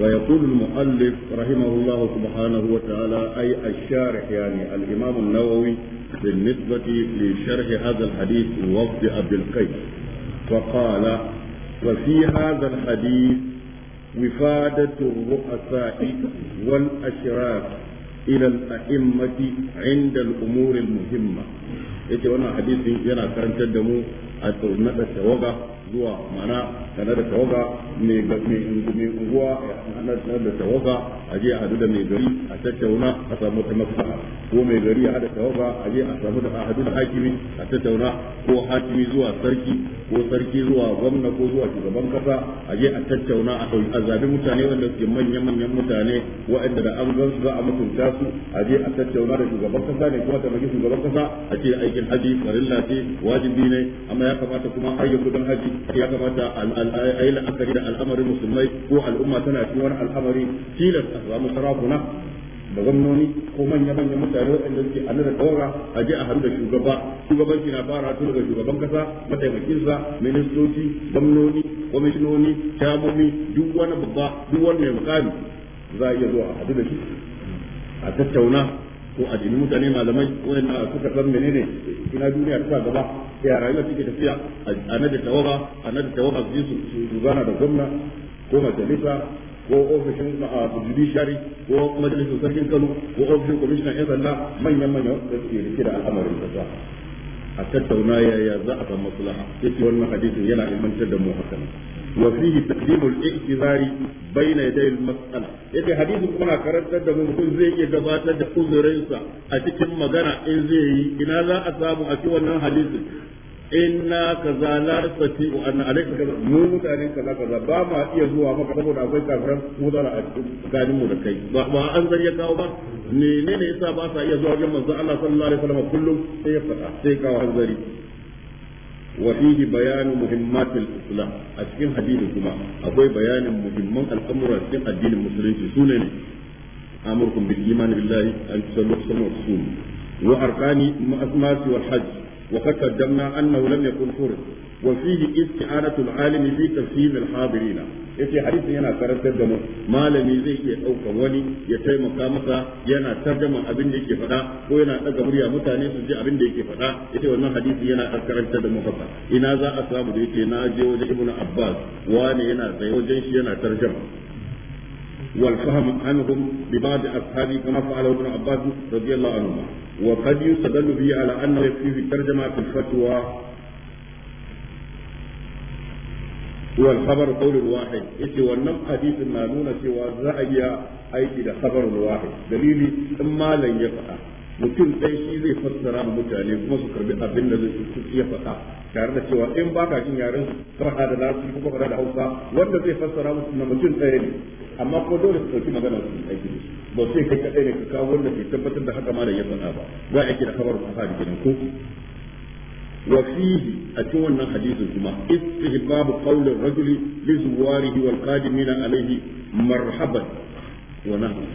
ويقول المؤلف رحمه الله سبحانه وتعالى أي الشارح يعني الإمام النووي بالنسبة لشرح هذا الحديث وفد عبد القيس فقال وفي هذا الحديث وفادة الرؤساء والأشراف إلى الأئمة عند الأمور المهمة. يجي أنا حديث ينا كرنت الدمو النبس وغا zuwa mana tare da tawaga mai unguwa ana tare da tawaga a je a hadu da mai gari a tattauna a samu ta mafita ko mai gari a da tawaga a je a samu da a hadu da hakimi a tattauna ko hakimi zuwa sarki ko sarki zuwa gwamna ko zuwa shugaban kasa a je a tattauna a ɗauki azabi mutane wanda suke manyan manyan mutane waɗanda da an gan su za a mutunta su a je a tattauna da shugaban kasa ne kuma ta shugaban kasa a ce aikin haji farilla ce wajibi ne amma ya kamata kuma har don haji ya kamata a ayi la'akari da al'amarin musulmai ko al'umma tana cikin wani al'amari tilas a samu sarakuna da gwamnoni ko manya manya mutane waɗanda suke a nuna ɗora a je a haɗu da shugaba shugabanci na fara tun daga shugaban kasa mataimakinsa ministoci gwamnoni kwamishinoni shamomi duk wani babba duk wani mai mukami za a iya zuwa a haɗu da shi a tattauna ko addini mutane malamai wanda suka san menene ina duniya ta gaba ya rayuwa take tafiya a da tawaba a nada tawaba su su dubana da gwamna ko majalisa ko ofishin judiciary ko majalisar sarkin Kano ko ofishin commissioner yan sanda manyan manyan da suke rike da al'amarin kasa a tattauna yaya za a san maslaha yake wannan hadisin yana ilmantar da mu haka Wa وفيه تقديم الاعتذار بين يدي المسألة yake hadisin kuma karantar da mutum zai iya gabatar da uzurinsa a cikin magana in zai yi ina za a samu a cikin wannan hadisin inna kaza la tati wa anna alayka kaza mu mutane kaza kaza ba ma iya zuwa maka saboda akwai kafiran mudara a cikin mu da kai ba an zar ya kawo ba menene yasa ba sa iya zuwa wajen manzo Allah sallallahu alaihi wasallam kullum sai ya fada sai kawo hanzari وفيه بيان مهمات الإسلام أشكين حديث كما أقول بيان مهمات الأمر أشكين الدين المسلم في سنن أمركم بالإيمان بالله أن تصلوا صلوا وأركان المعصمات والحج وقد قدمنا أنه لم يكن alimi وفيه استعانة العالم في تفهيم الحاضرين yace hadisin yana karantar da mu malami zai iya ɗaukar wani ya taimaka masa yana tarjama abin da yake faɗa ko yana ɗaga murya mutane su je abin da yake faɗa Ya ce wannan hadisi yana karantar da mu haka ina za a samu da yace na je wajen ibnu abbas wani yana tsaye wajen shi yana tarjama والفهم عنهم ببعض أصحابه كما فعل ابن عباس رضي الله عنهما وقد يستدل به على أنه يكفي في الترجمة في الفتوى والخبر قول واحد يتي ونم حديث ما nuna cewa za a iya aiki da khabarul wahid dalili in mutum ɗai shi zai fassara ma mutane kuma su karbi abin da zai su ya faɗa tare da cewa in ka jin yaren faɗa da nasu ko kuma da hausa wanda zai fassara musu na mutum tsaye ne amma ko dole su ɗauki magana su aiki da ba sai kai kaɗai ne ka kawo wanda ke tabbatar da haka ma da ya faɗa ba za a aiki da kabar cikin wannan hadisi kuma أتونا qawli rajuli li قول wal qadimina alayhi marhaban wa nahwa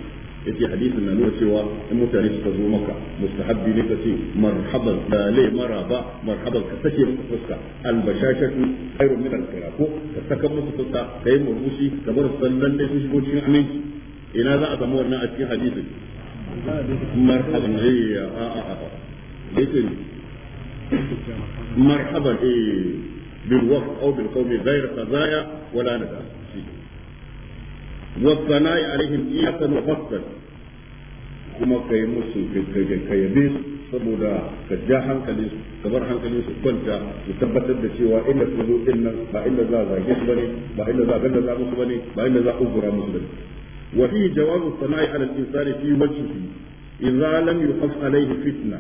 yace hadisin na nuna cewa in mutane suka zo maka mustahabbi ne ka ce marhaban da lai maraba marhaban ka sake musu fuska albashashatu khairun min al-kira ko ka saka musu fuska kai murmushi ka bar sallan da su shigo cikin aminci ina za a samu wannan a cikin hadisin marhaban eh a a a yake marhaban eh بالوقت او بالقوم غير خزايا ولا ندى والثناء عليهم إياكا وفصل kuma kai musu ka yabe su saboda ka ja hankalin bar hankalin su kwanta su tabbatar da cewa inda su zo din nan ba inda za a zage su bane ba za a ganda za musu bane ba inda za a ugura musu bane wa fi jawabu sana'i ala al-insani fi wajhihi idza lam yuqaf alayhi fitna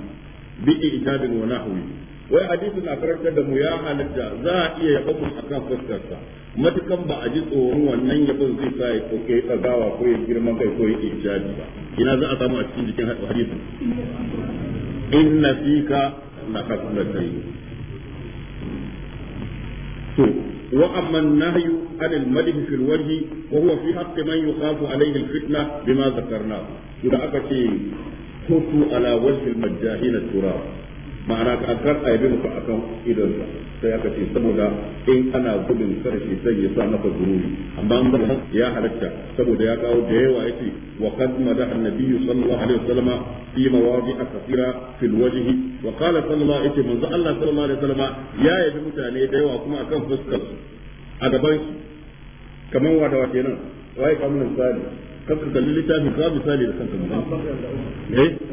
bi ijabin wa nahwihi wai hadisi na karanta da mu ya halitta za a iya yabon a kan fuskarsa matukan ba a ji tsoron wannan yabon zai sa ya koke tsagawa ko ya girma kai ko ya jaji ba ina za a samu a cikin jikin hadisi in na fi ka na kafin da to wa amma nahyu anil madh fi alwajh wa huwa fi haqq man yuqafu alayhi alfitna bima zakarna to da aka ce kutu ala wajhil majahina turaba ma'ana ka kar a yabe maka akan idonsa sai aka ce saboda in ana gudun karshe sai ya sa maka gururi amma an bar ya halatta saboda ya kawo da yawa yace wa qad madah an-nabiy sallallahu alaihi wasallam fi mawadi'a kathira fil wajhi wa qala sallallahu alaihi wasallam manzo Allah sallallahu alaihi wasallam ya yabi mutane da yawa kuma akan fuskar su a gaban su wa da wa kenan wai kamun sali kafin dalilin littafin babu sali da kanka eh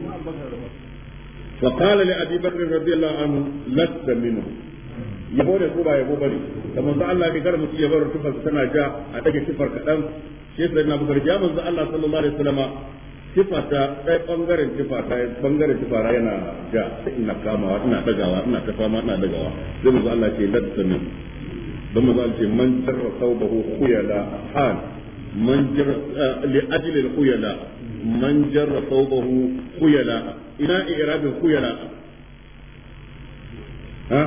فقال لأبي بكر رضي الله عنه لست منه yabo da ko ba yabo bane da manzo Allah bai kar mutum ya bar tufar tana ja a dage tufar kadan shi sai na bukar ja manzo Allah sallallahu alaihi wasallama tufa ta sai bangaren tufa ta bangaren tufa ra yana ja sai ina kamawa ina dagawa ina ta fama ina dagawa sai manzo Allah ce ladda min dan manzo Allah ce man jarra thawbahu khuyala han man jarra li ajli al khuyala man jarra thawbahu khuyala ina irabin ku ya ratsa ha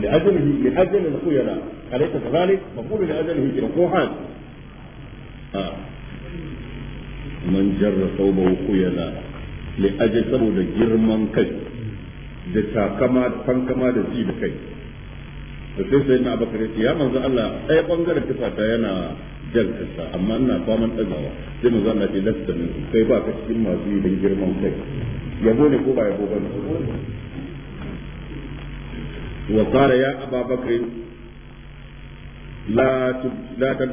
li ajlihi li ajli al khuyala alayka kadhalik maqulu li ajlihi ila quhan ha man jarra thawba khuyala li ajli saboda girman kai da takama fan kama da ji da kai to sai sai na bakare ya manzo Allah ai bangaren kifa ta yana jan kasa amma ina faman tsagawa sai mun zanna ce lasta min kai ba ka cikin masu yi don girman kai yabo ne ko ba yabo ba wa qala ya aba bakr la tub la tub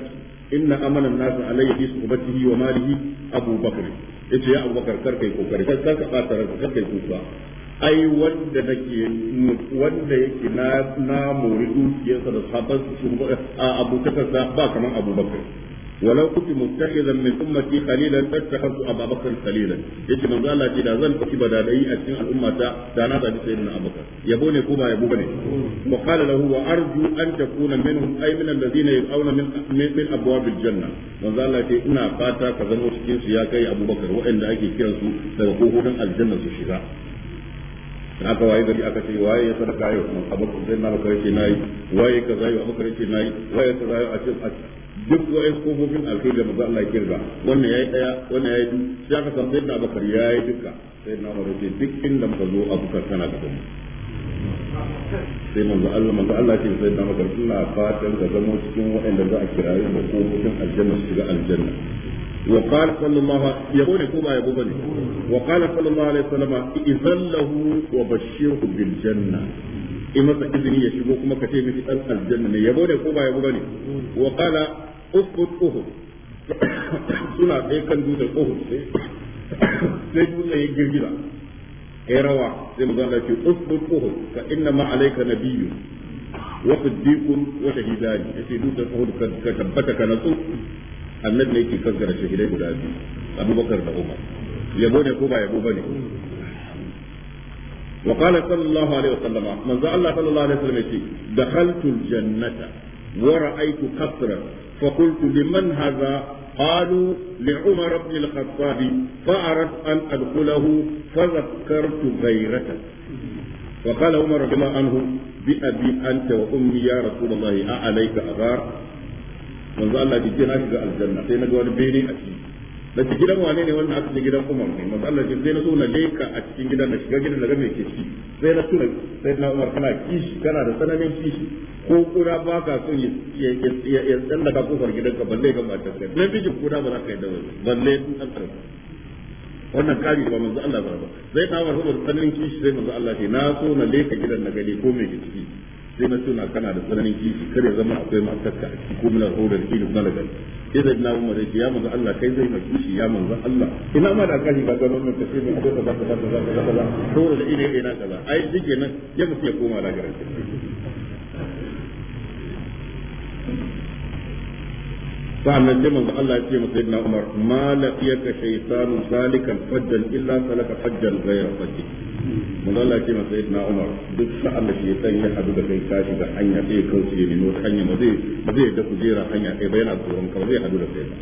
inna amana an-nas alayya bi wa malihi abu bakr yace ya abubakar kar kai kokari kar ka ba ranka kar kai kuka ai wanda nake wanda yake na na mori dukiyarsa da sahabban su a abokansa ba kaman abubakar walau kuti متخذا min ummati khalilan لاتخذت ابا بكر خليلا yace manzo Allah ce da zan ɗauki badadai a cikin al'ummata da na zabi na Abubakar yabo ne ko ba yabo bane wa qala lahu wa arju an takuna minhum ay min alladhina yaqawna min min abwab aljanna manzo Allah ce ina fata ka zama cikin su ya kai Abubakar waɗanda ake kiransu daga kofofin aljanna su shiga aka waye gari aka ce waye ya sadaka yau mun abubakar sai na bakar ce nayi waye ka kaza abu kare ce nayi waye ka yau a ce a duk waye ko kofofin alkhairi da manzo Allah ya kirga wannan yayi daya wannan yayi duk sai aka san sai na bakar yayi duka sai na bakar ce duk inda muka zo abu abubakar kana gaban mu sai mun ga Allah manzo Allah ce sai na bakar ina fatan ga zamo cikin waɗanda za a kiraye da ko kofofin aljanna su shiga aljanna وقال صلى الله عليه وسلم يقول كما يقول وقال صلى الله عليه وسلم إذن له وبشره بالجنة in masa izini ya shigo kuma ka ce miki dan aljanna ne yabo ne ko ba yabo bane wa qala ukhud uhud suna ɗaya kan dutsen uhud sai sai dutsen ya girgiza ya rawa sai mu zana ce ukhud uhud fa inna ma alayka nabiyyu wa siddiqun wa shahidani yace dutsen uhud ka tabbata ka natsu annabi ne yake kankara shahidai guda biyu abubakar da umar yabo ne ko ba yabo bane wa qala sallallahu alaihi wasallam manzo Allah sallallahu alaihi wasallam yace dakhaltu aljannata wa ra'aytu qasran fa qultu liman hadha قالوا لعمر بن الخطاب فأردت أن أدخله فذكرت غيرته وقال عمر بما عنه بأبي أنت وأمي يا رسول الله أعليك أغار yanzu Allah ya ce na shiga aljanna sai na wani bene a ciki da ci gidan wane ne wannan aka ce gidan Umar ne manzo Allah ya sai na so na leka a cikin gidan na shiga gidan na ga me ke ciki sai na tura sai na Umar kana kishi kana da sanamin kishi ko kura ba ka so ya ya ya ka kofar ka balle ga matar ka sai bijin kura ba za ka yi da wani balle in an tsara wannan kari ba manzo Allah ba sai na Umar ko sanin kishi sai manzo Allah ce na so na leka gidan na gani ko me ke ciki sai na tuna kana da tsananin kishi kar ya zama akwai matarka a cikin kuminar hodar ilu na lagar sai da na umar yake ya manzo Allah kai zai maki shi ya manzo Allah ina ma da kashi ba ga wannan mai ba ka ba ina kaza ai dike nan ya mutu ya koma sa'annan sai Allah ya ce masa ibn Umar ma shaytanu fajjan illa salaka fajjan ghayra manzo Allah ce masa na Umar duk sa'an da ke san ya hadu da kai ka shiga hanya sai kauce ne no hanya ba zai ba zai da kujera hanya kai ba yana tsoron ka zai hadu da kai ba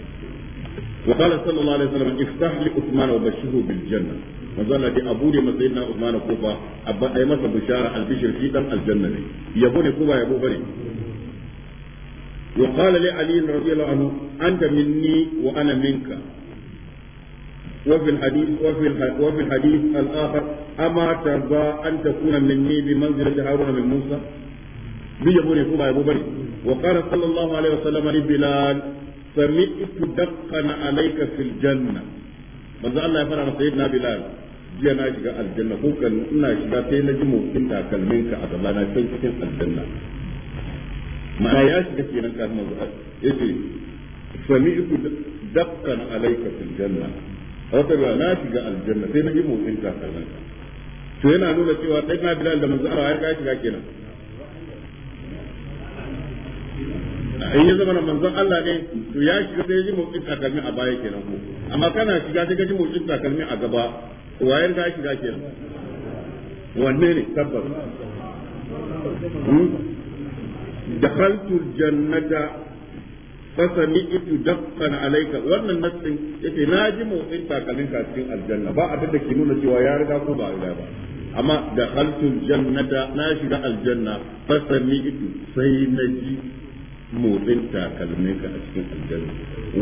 وقال صلى الله عليه وسلم افتح لعثمان وبشره بالجنه manzon da abu ne matsayin na Usman kofa abba ai masa bishara albishir shi dan aljanna ne yabo ne ko ba yabo bane wa qala li ali radiyallahu anhu anta minni wa ana minka وفي الحديث وفي وفي الحديث الآخر أما ترضى أن تكون مني بمنزلة هارون من موسى بيبوني كما أبو بني وقال صلى الله عليه وسلم لبلال سمعت دقا عليك في الجنة manzo Allah ya fara masa sayyidina Bilal jiya na shiga aljanna ko ina shiga sai na ji motsin takalmin ka a gaba na sai cikin aljanna ma'ana ya shiga kenan kafin alayka janna a wata ruwa na shiga aljanna sai na yi motsin takalmin to yana nuna cewa ɗan na bilal da manzo Allah ya shiga kenan in ya zama na manzon Allah ne to ya shiga sai ya ji motsin takalmin a baya kenan ko amma kana shiga sai ka ji motsin takalmin a gaba to wayar ga shiga kenan wanne ne tabbas hmm? dakhaltu jannata itu daqqan alayka wannan nassin yace na ji motsin takalmin ka cikin aljanna ba abin da ke nuna cewa ya riga ko ba riga ba amma da haltul jannata na shiga aljanna itu sai na ji motsin takalmin ka a cikin aljanna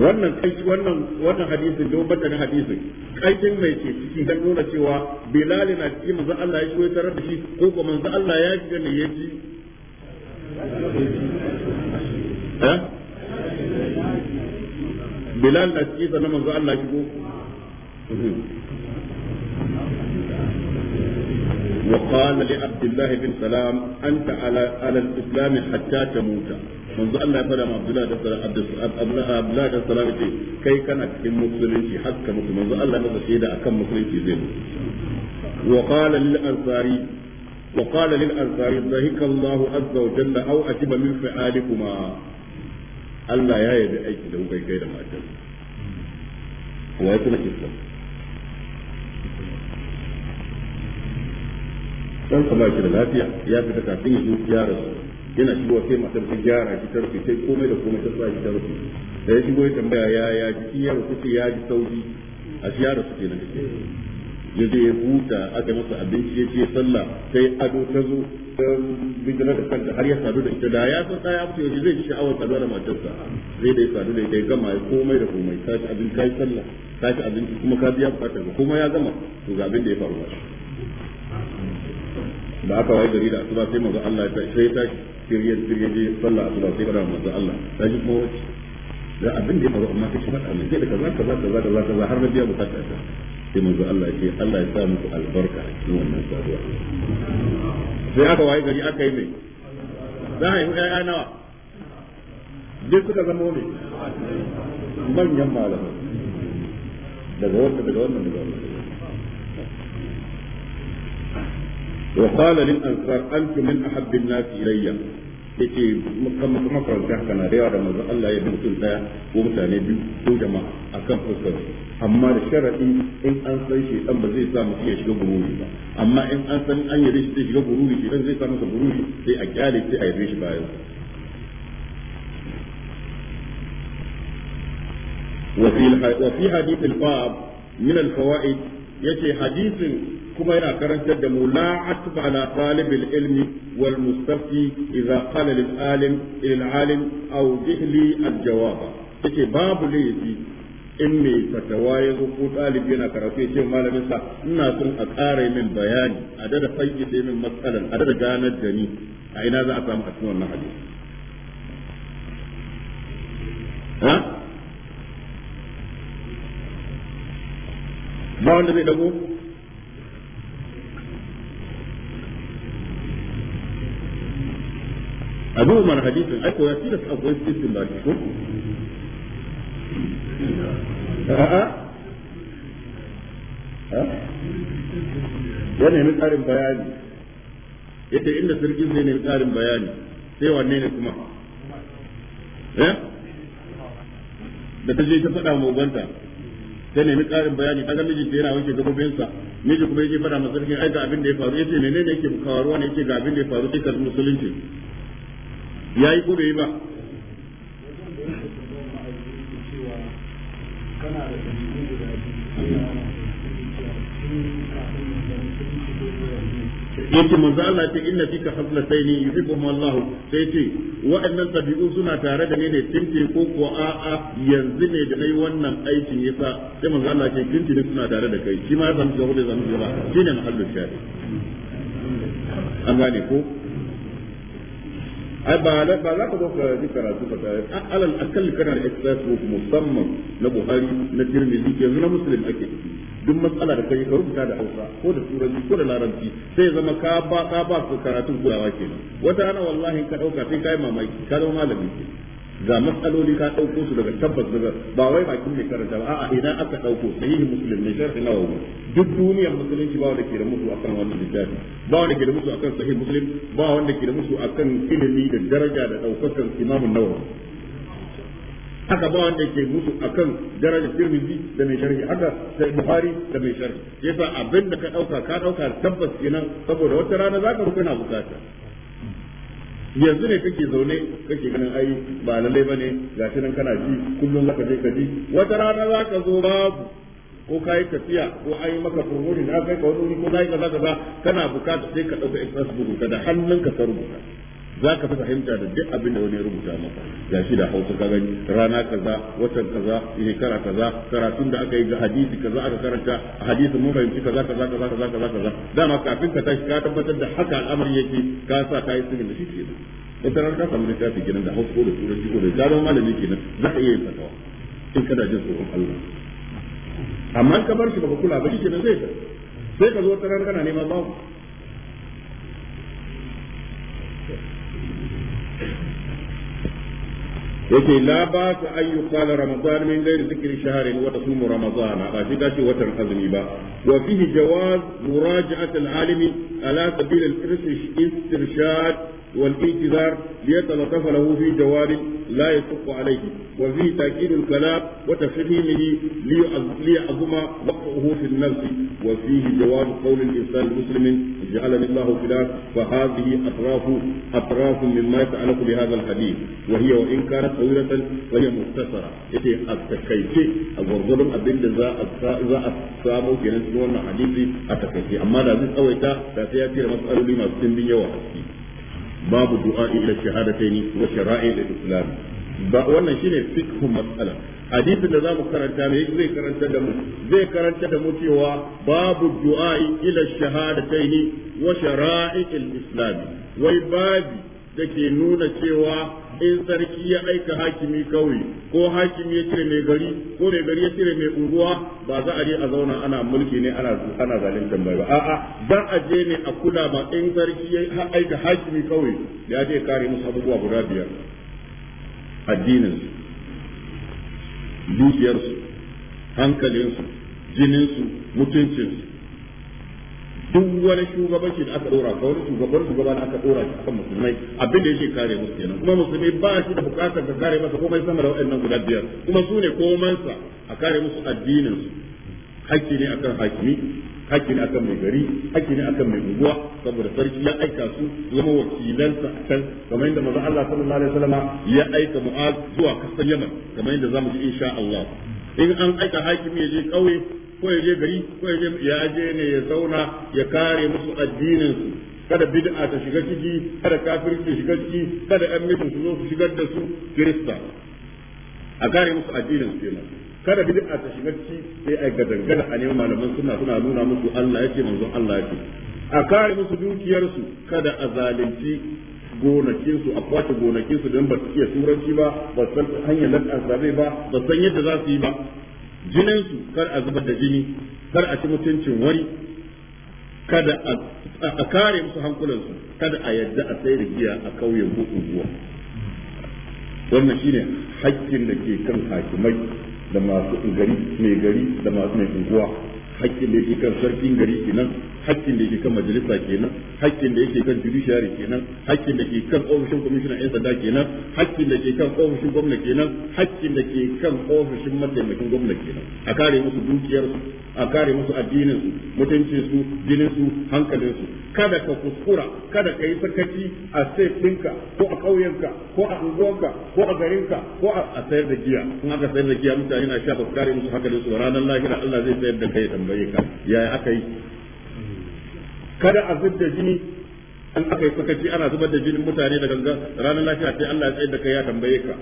wannan kai wannan wannan hadisin da wata ne hadisin kaitin mai ce ciki dan nuna cewa bilal na ji manzo Allah ya shigo tare da shi ko ko manzo Allah ya shiga ne ya ji eh bilal na ciki sannan manzo Allah shigo وقال لعبد الله بن سلام manzo Allah ya fada Abdullah da Sala Abdullah da kai kana cikin musulunci hakka mutu manzo Allah ya masa shaida akan musulunci zai wa qala lil ansari wa qala lil ansari dhahika azza wa jalla aw ajiba min fi'alikuma Allah ya yabi aiki da kuka kai da matan ya kuma kisa dan kuma shi da lafiya ya fita kafin ya ya rasu yana shigo sai matar ta gyara ki tarfi sai komai da komai ta sa ki tarfi da ya shigo ya tambaya ya ya ji ya rukuci ya ji sauki a ke ya da kenan ya je ya huta aka masa abinci ya ce sallah sai ado ta zo bijirar da kanta har ya sadu da ita da ya san tsaya ya yaushe zai sha'awar saduwa da matarsa zai dai sadu da ita ya gama ya komai da komai ta ci abin kai sallah ta ci abinci kuma ka biya bukatar ka kuma ya gama to ga abin da ya faru ba ba aka wai gari da asuba sai manzo Allah ya tashi sai tashi siriyar siriyar je sallah asuba sai fara manzo Allah tashi kuma wace da abin da ya faru amma kace fada mai sai da kaza kaza kaza kaza har na biya bukatar ta sai manzo Allah ya ce Allah ya sa muku albarka a cikin wannan saduwa sai aka waye gari aka yi mai za a yi ƴaƴa nawa duk suka zama ne manyan malamai daga wannan daga wannan daga wannan وقال للأنصار أنتم من أحب الناس إلي yake makaranta haka na da yawa da manzon Allah ya bin sun daya ko mutane biyu ko jama'a a kan fuskar amma da sharaɗi in an san shi dan ba zai samu iya shiga gururi ba amma in an san an yi rishi zai shiga gururi shi dan zai samu ka gururi sai a kyale sai a yi shi bayan وفي وفي faab min al-fawaid yace hadithin kuma yana karantar da mu la atba ala talib ilmi wal mustafi idza qala lil alim lil alim aw jihli al jawaba yace babu laifi in mai fatawa ya zo ko ɗalibi yana karatu ya malamin sa ina son a ƙara min bayani a dada da min matsalan a dada ganar da ni a ina za a samu a cikin wannan hadisi ha ba wanda zai dago abu umar hadisin ai ko ya tilas akwai ba ko a'a ya nemi tsarin bayani yadda inda sarkin zai nemi tsarin bayani sai wanne ne kuma eh? da ta je ta nemi tsarin bayani ga miji ta yana wanke gabobinsa miji kuma yake faɗa masa aika abin da ya faru ce menene yake bukawar wani yake ga abin da ya faru sai musulunci yi ko bai ba yake manzo Allah ce inna fika khaslatayn yuhibbuhuma Allah sai ce wa'annan tabi'u suna tare da ni ne tinti ko ko a yanzu ne da nayi wannan aikin yasa sai manzo Allah ce tinti ne suna tare da kai shi ma ya samu gaba da shine mahallin shari'a an gane ko ai ba ba za ka zo ka ji karatu ba tare alal akal kana da express musamman na Buhari na Tirmidhi ke na Muslim ake duk matsala da kai ka rubuta da Hausa ko da Turanci ko da Larabci sai zama ka ba ka ba ka karatu gudawa kenan wata ana wallahi ka dauka sai kai mamaki ka zama malami kenan ga matsaloli ka ɗauko su daga tabbas daga ba wai bakin mai karanta ba a'a idan aka ɗauko sahihin muslim ne sharhi nawawi duk duniya musulunci ba wanda ke da musu akan wannan littafi ba wanda ke da musu akan sahih muslim ba wanda ke da musu akan ilimi da daraja da ɗaukakan imamun nawawi haka ba wanda ke musu akan daraja tirmidhi da mai sharhi haka sai buhari da mai sharhi yasa abin da ka dauka ka dauka tabbas kenan saboda wata rana zaka rufe na bukata yanzu ne kake zaune kake ganin ai ba lalle bane shi nan kana ji kullum zaka je ka ji wata rana za ka zo babu ko ka yi tafiya ko an yi maka promotion na kai ka wani wuri ko ka yi kaza kana bukata sai ka ɗauka express bugu ka da hannun ka rubuta za ka fi fahimta da duk abin da wani rubuta maka ga shi da hausa ka gani rana kaza watan kaza shekara kaza karatun da aka yi ga hadisi kaza aka karanta a hadisin mun fahimci kaza kaza kaza kaza kaza kaza dama kafin ka tashi ka tabbatar da haka al'amari yake ka sa ka yi sirrin da shi kenan wata rana ka samu littafi kenan da hausa ko da turanci ko da jaron malami kenan za ka iya yin sakawa in kana jin tsoron Allah amma ka bar shi baka kula ba shi kenan zai ta sai ka zo ta rana kana neman babu yake la ba su an yi kala ramadan min gairi zikirin shaharin wata sumu ramadan ba shi dace watan azumi ba wa fihi jawaz muraja'at al-alimi ala sabil al-irshad والانتظار ليتلطف له في جوار لا يشق عليه وفي تأكيد الكلام وتفهيمه ليعظم وقعه في النفس وفيه جواز قول الإنسان المسلم جعلني الله خلاف فهذه أطراف أطراف مما يتعلق بهذا الحديث وهي وإن كانت طويلة فهي مختصرة إتي التكيف الغرضون أبين ذا ذا السامو كنسلون حديثي التكيف أما لا زيت أويتا لا سيأتي مسألة لما سنبي وحسي babu du'a ila shahadataini wa shara'il al-islam ba wannan shine fikhu mas'ala hadisin da zamu karanta ne zai karanta da mu zai karanta da mu cewa babu du'a ila shahadataini wa shara'il al-islam wai babi da ke nuna cewa in sarki ya aika hakimi kawai, ko hakimi ya cire mai gari ko mai gari ya cire mai unguwa ba za a je a zauna ana mulki ne ana ana zalunta bai ba a'a za a je ne a kula ba in sarki ya aika hakimi kawai, ya je kare musu abubuwa guda biyar addinin dukiyarsu hankalinsu jininsu mutuncinsu duk wani shugabanci da aka dora ka wani shugaban shugaba da aka dora shi akan musulmai abin da yake kare musu kenan kuma musulmi ba shi da bukatar ka kare masa komai sama da waɗannan guda biyar kuma su ne sa a kare musu addinin su hakki ne akan hakimi hakki ne akan mai gari hakki ne akan mai unguwa saboda sarki ya aika su zama wakilansa a can, kamar yadda manzo Allah sallallahu alaihi wasallam ya aika Mu'az zuwa kasar Yaman kamar yadda zamu ji insha Allah in an aika hakimi ya je kauye ko ya je gari ko ya je ya je ne ya zauna ya kare musu addinin su kada bid'a ta shiga ciki kada kafirci ta shiga ciki kada yan mutum su zo su shigar da su kirista a kare musu addinin su kenan kada bid'a ta shiga ciki sai ai dangana a neman malaman suna suna nuna musu Allah yake manzon Allah yake a kare musu dukiyarsu kada a zalunci su, a kwace gonakin gonakinsu don ba su iya turanci ba ba san hanyar lantarki ba ba san yadda za su yi ba su kar a zubar da jini kar a ci mutuncin wari kada a kare musu hankulansu kada a yadda a sai da giya a kauyen unguwa wannan shine hakkin da ke kan hakimai da masu gari mai gari da masu mai unguwa hakkin da ke kan sarkin gari kenan hakkin da yake kan majalisa kenan hakkin da yake kan judiciary kenan hakkin da ke kan ofishin commissioner yan sanda kenan hakkin da ke kan ofishin gwamna kenan hakkin da ke kan ofishin mataimakin gwamna kenan a kare musu dukiyar su a kare musu addinin su mutuncin su jinin su hankalin su kada ka kuskura kada ka yi sakaci a sai ɗinka ko a ƙauyenka ko a unguwanka ko a garinka ko a sayar da giya in aka sayar da giya mutane na sha ba kare musu hankalin su ranar lahira Allah zai sayar da kai tambaye ka yaya aka yi kada a da jini an aka yi sakaci ana zubar da jinin mutane da ganga ranar lafiya sai Allah ya tsaye da kai ya tambaye ka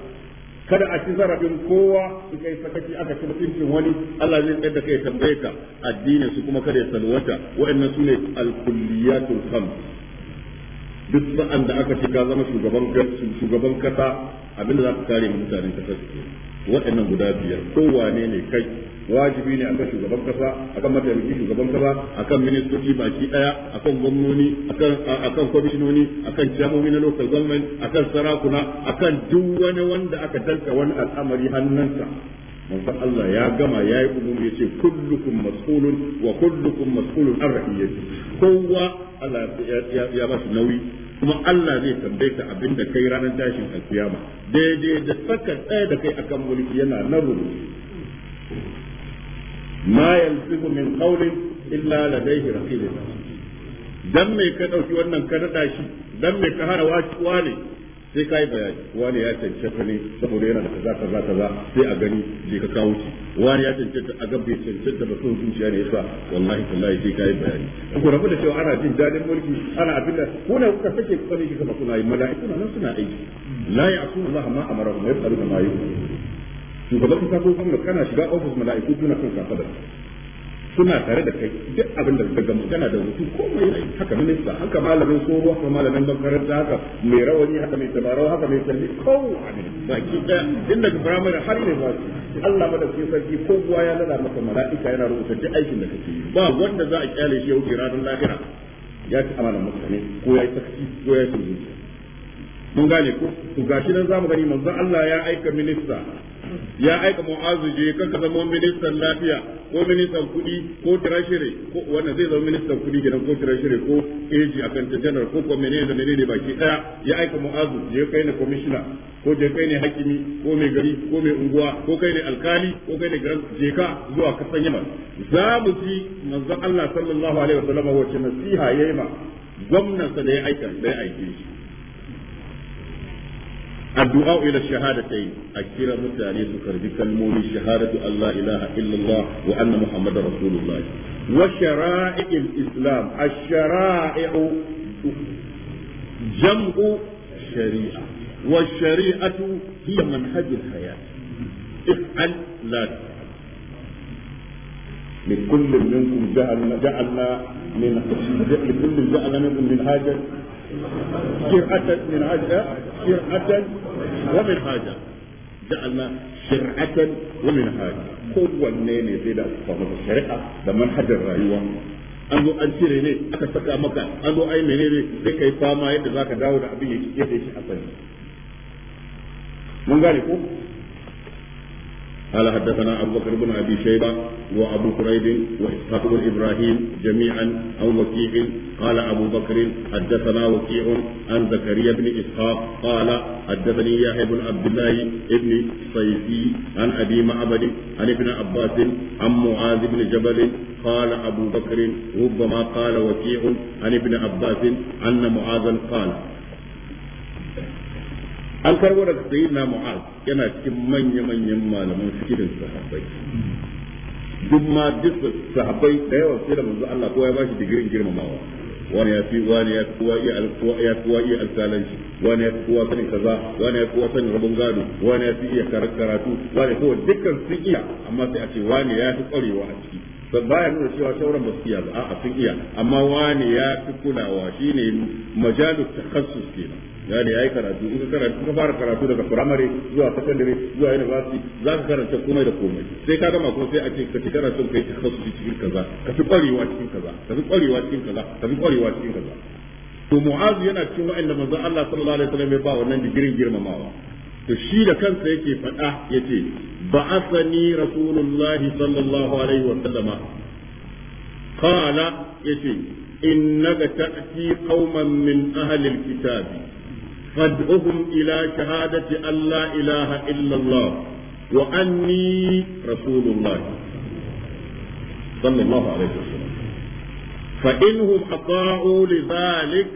kada a ci zarafin kowa in kai sakaci aka ci mutuncin wani Allah zai tsaye da kai ya tambaye ka addinin su kuma kada ya salwata wa'annan ne al-kulliyatul kham duk sa'an da aka ci, ka zama shugaban kasa abinda za ka kare mutanen kasar su waɗannan guda biyar kowa ne kai wajibi ne akan shugaban kasa akan mataimakin shugaban kasa akan ministoci baki daya akan gwamnoni akan akan kwamishinoni akan jamomi na local government akan sarakuna akan duk wani wanda aka danta wani al'amari hannunsa manzon Allah ya gama ya yi umumi ya ce kullukum mas'ulun wa kullukum mas'ulun an ra'iyyati kowa Allah ya ba shi nauyi kuma Allah zai tambaye ka abin da kai ranar tashin alkiyama daidai da saka tsaye da kai akan mulki yana na rubuce ma yalfizu min qawlin illa ladayhi raqibun dan me ka dauki wannan ka shi dan me ka hara ne? sai kai bayani wani ya cancanta ne saboda yana da kaza kaza kaza sai a gani je ka kawo shi wani ya cancanta a gabbe cancanta ba son zuciya ne yasa wallahi wallahi sai kai bayani ku rabu da cewa ana jin dadin mulki ana abin da ko ne kuka sake kwani kika ba kuna yi mala'iku nan suna aiki la ya'suna Allah ma amara wa yaf'aluna ma yu'minu shugaban kasa ko gwamnati kana shiga office mala'iku suna kan kafa da suna tare da kai duk abin da daga magana da hutu ko mai haka minista haka malamin tsoro haka malamin makaranta haka mai rawani haka mai tabarau haka mai salli ko baki ɗaya. din daga firamare har ne ba Allah ma yi sarki ko kuwa ya lada maka mala'ika yana rubuta duk aikin da kake yi ba wanda za a kyale shi ya wuce ranar lahira ya ci amana mutane ko ya yi sarki ko ya yi mun gane ko to gashi nan zamu gani manzon Allah ya aika minista ya aika mu'azu je kan ka zama ministan lafiya ko ministan kudi ko treasury ko wannan zai zama ministan kudi gidan ko treasury ko a accountant general ko ko menene da menene baki daya ya aika mu'azu je kai ne commissioner ko je kai ne hakimi ko mai gari ko mai unguwa ko kai ne alkali ko kai ne grand je ka zuwa kasan Yaman za mu ji manzon Allah sallallahu alaihi wasallam wacce nasiha yayi ma Gwamnati da ya aika da ya aike shi addu'a ila shahada tayi a kira mutane su karbi kalmomin shahadatu Allah ilaha illallah wa anna muhammadar rasulullah wa shara'i'il islam ash-shara'i'u jam'u shari'a wa shari'atu hiya manhajul hayat if'al la لكل منكم جعلنا جعلنا من لكل جعلنا منكم من حاجه شرعة من حاجة شرعة ومن حاجة جعلنا شرعة ومن حاجة kowanne ne يزيد da samu shari'a da manhajar rayuwa an zo an cire ne aka saka maka an zo ai menene sai kai fama yadda zaka dawo da abin yake yadda mun gane ko قال حدثنا أبو بكر بن أبي شيبة وأبو كريب وإسحاق بن إبراهيم جميعا أو وكيع قال أبو بكر حدثنا وكيع عن زكريا بن إسحاق قال حدثني يحيى بن عبد الله بن صيفي عن أبي معبد عن ابن عباس عن معاذ بن جبل قال أبو بكر ربما قال وكيع عن ابن عباس أن معاذا قال أنكر ورد سيدنا معاذ yana cikin manya-manyan malaman fikirin sahabbai duk ma duk sahabbai da yawa sai da manzo Allah kowa ya bashi digirin girmamawa wani ya fi wani ya kowa iya alkuwa ya kuwa iya alkalanci wani ya kowa sanin kaza wani ya kowa sanin rabon gado wani ya fi iya karatu wani kowa dukkan sun iya amma sai a ce wani ya fi kwarewa a ciki ba baya nuna cewa sauran ba su iya ba a'a sun iya amma wani ya fi kulawa shine majalu takhassus kenan ya yi yayi karatu in ka karatu ka fara karatu daga primary zuwa secondary zuwa university za ka karanta komai da komai sai ka gama kuma sai a ce ka ci kana son ta takhassusi cikin kaza ka fi kwarewa cikin kaza ka fi kwarewa cikin kaza ka fi kwarewa cikin kaza to mu'az yana cikin wa'anda manzo Allah sallallahu alaihi wasallam ya ba wannan digirin girmamawa to shi da kansa yake faɗa yace ba'athani rasulullahi sallallahu alaihi wasallama qala yace innaka ta'ti qauman min ahli alkitabi فادعهم إلى شهادة أن لا إله إلا الله وأني رسول الله صلى الله عليه وسلم فإنهم أطاعوا لذلك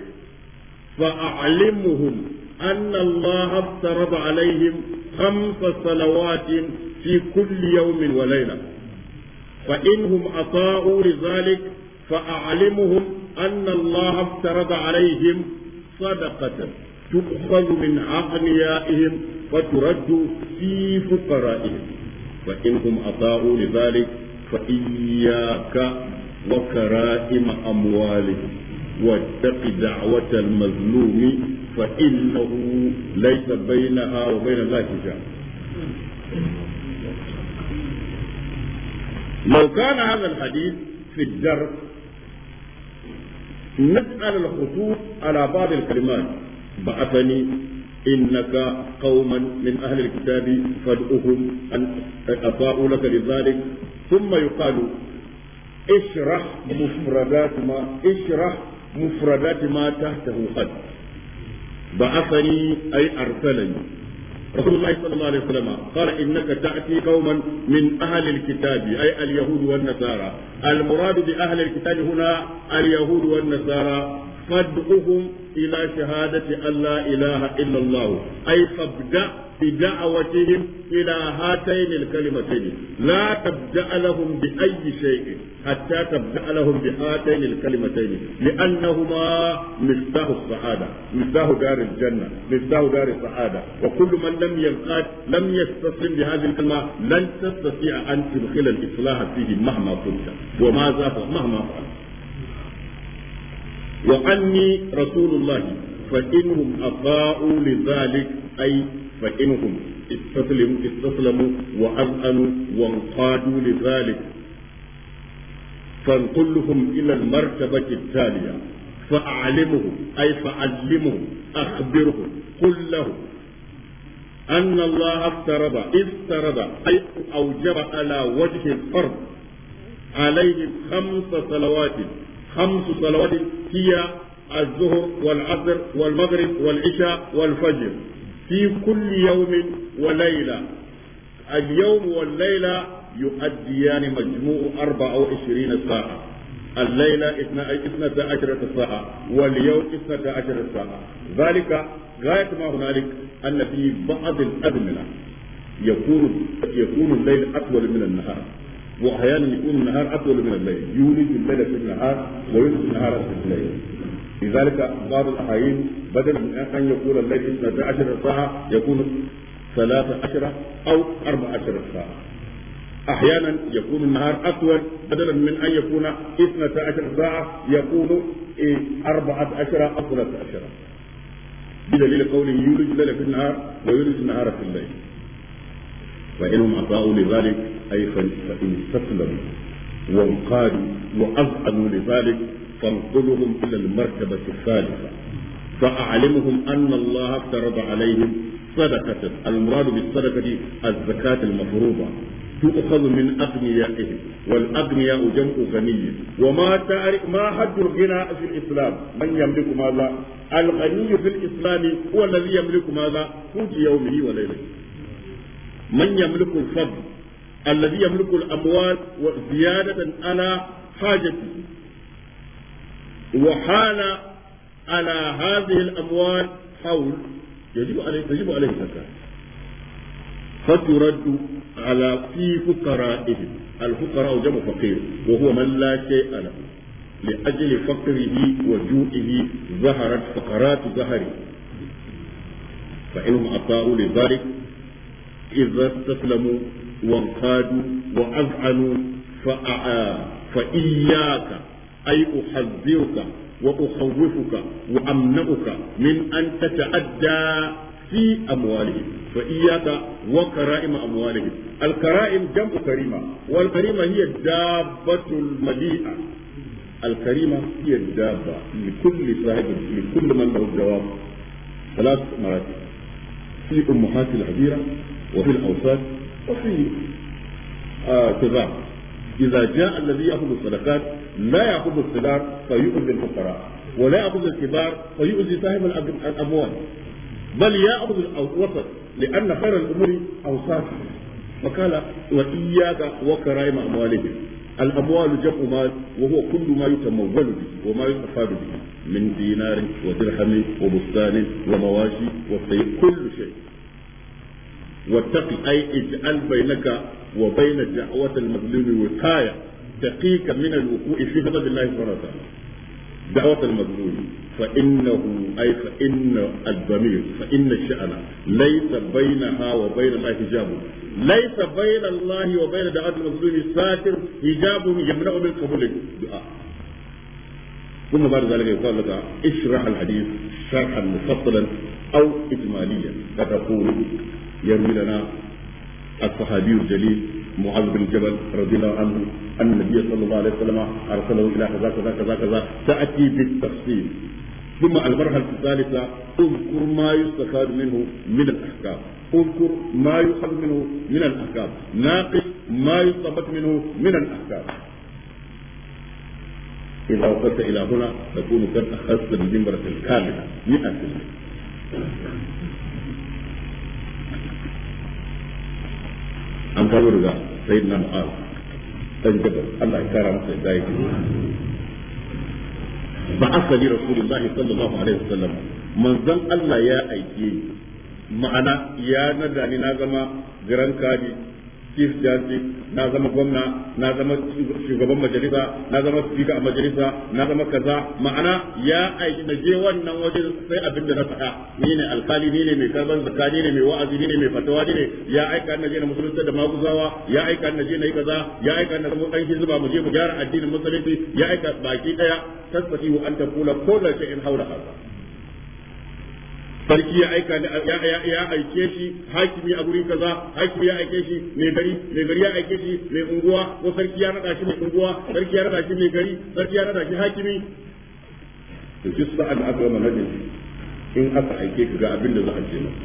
فأعلمهم أن الله افترض عليهم خمس صلوات في كل يوم وليلة فإنهم أطاعوا لذلك فأعلمهم أن الله افترض عليهم صدقة تؤخذ من أغنيائهم وترد في فقرائهم فإنهم أطاعوا لذلك فإياك وكرائم أموالهم واتق دعوة المظلوم فإنه ليس بينها وبين الله حجاب لو كان هذا الحديث في الدرس نسأل الخطوط على بعض الكلمات بعثني إنك قوما من أهل الكتاب فادعهم أن أطاعوا لك لذلك ثم يقال اشرح مفردات ما اشرح مفردات ما تحته قد بعثني أي أرسلني رسول الله صلى الله عليه وسلم قال إنك تأتي قوما من أهل الكتاب أي اليهود والنصارى المراد بأهل الكتاب هنا اليهود والنصارى فادعهم إلى شهادة أن لا إله إلا الله أي فابدأ بدعوتهم إلى هاتين الكلمتين لا تبدأ لهم بأي شيء حتى تبدأ لهم بهاتين الكلمتين لأنهما مفتاح السعادة مفتاح دار الجنة مفتاح دار السعادة وكل من لم ينقاد لم يستسلم لهذه الكلمة لن تستطيع أن تدخل الإصلاح فيه مهما كنت وماذا مهما فعلت wa anni rasulullahi fa inhum afa'u li zalik ay fa inhum istaslamu istaslamu wa azanu wa qadu li zalik فانقلهم إلى المرتبة التالية فأعلمهم أي فعلمهم أخبرهم قل لهم أن الله افترض افترض أي أوجب على وجه الفرض عليهم خمس صلوات خمس صلوات هي الظهر والعصر والمغرب والعشاء والفجر في كل يوم وليلة اليوم والليلة يؤديان مجموع 24 ساعة الليلة 12 عشرة ساعة واليوم اثنتا ساعة ذلك غاية ما هنالك أن في بعض الأزمنة يكون يكون الليل أطول من النهار واحيانا يكون النهار اطول من الليل يولد الليل في النهار ويولد النهار في الليل لذلك بعض الاحايين بدل من ان يقول الليل 12 ساعه يكون 13 او 14 ساعه احيانا يكون النهار اطول بدلا من ان يكون 12 ساعه يكون 14 إيه او 13 بدليل قوله يولد الليل في النهار ويولد النهار في الليل فانهم اطاعوا لذلك أي استسلموا وانقادوا وأذعنوا لذلك فانقلهم إلى المرتبة الثالثة فأعلمهم أن الله افترض عليهم صدقة المراد بالصدقة الزكاة المفروضة تؤخذ من أغنيائهم والأغنياء جمع غني وما تعرف ما حد الغنى في الإسلام من يملك ماذا الغني في الإسلام هو الذي يملك ماذا قوت يومه وليلته من يملك الفضل الذي يملك الأموال زيادة على حاجته وحال على هذه الأموال حول يجب عليه تجب عليه الزكاة فترد على في فقرائهم الفقراء جمع فقير وهو من لا شيء له لأجل فقره وجوئه ظهرت فقرات ظهره فإنهم أطاعوا لذلك إذا استسلموا وانقادوا وأذعنوا فأعا فإياك أي أحذرك وأخوفك وأمنعك من أن تتعدى في أموالهم فإياك وكرائم أموالهم الكرائم جمع كريمة والكريمة هي الدابة المليئة الكريمة هي الدابة لكل صاحب لكل من له الجواب ثلاث مراتب في أمهات العبيرة وفي الأوساط وفي كذا إذا جاء الذي يأخذ الصدقات لا يأخذ الصغار فيؤذي الفقراء ولا يأخذ الكبار فيؤذي صاحب الأموال بل يأخذ الوسط لأن خير الأمور أوصاف فقال وإياك وكرائم أموالهم الأموال جمع مال وهو كل ما يتمول به وما يستفاد به من دينار ودرهم وبستان ومواشي وسيء كل شيء واتق أي اجعل بينك وبين دعوة المظلوم وقاية تقيك من الوقوع في غضب الله سبحانه وتعالى دعوة المظلوم فإنه أي فإن الضمير فإن الشأن ليس بينها وبين الله حجاب ليس بين الله وبين دعوة المظلوم ساتر حجاب يمنع من قبول الدعاء ثم بعد ذلك يقال لك اشرح الحديث شرحا مفصلا أو إجماليا فتقول يروي لنا الصحابي الجليل معاذ بن جبل رضي الله عنه أن النبي صلى الله عليه وسلم أرسله إلى كذا كذا كذا كذا تأتي بالتفصيل ثم المرحلة الثالثة اذكر ما يستفاد منه من الأحكام اذكر ما يؤخذ منه من الأحكام ناقش ما يستفاد منه من الأحكام إذا وصلت إلى هنا تكون قد أخذت بالمنبرة الكاملة 100% an kawo sai nan a dan jabal Allah ya kara masa da yake ba asali rasulullahi sallallahu alaihi wasallam manzon Allah ya aike ma'ana ya nada ni na zama garan kadi chief justice na zama gwamna na zama shugaban majalisa na zama fika a majalisa na zama kaza ma'ana ya aiki na je wannan waje sai abin da na faɗa ni ne alkali ni ne mai karban zakka ni ne mai wa'azi ni ne mai fatawa ni ne ya aika na je na musulunta da maguzawa ya aika na je na yi kaza ya aika na zama ɗanki zuba mu je mu gyara addinin musulunci ya aika baki ɗaya tasbati wa anta kula ke in haura haka. sarki ya aika ni ya aike shi hakimi a gurin kaza hakimi ya aike shi mai gari mai gari ya aike shi mai unguwa ko sarki ya nada shi mai unguwa sarki ya nada shi mai gari sarki ya nada shi hakimi to shi su da aka gama nadin in aka aike ka ga abin da za a ce maka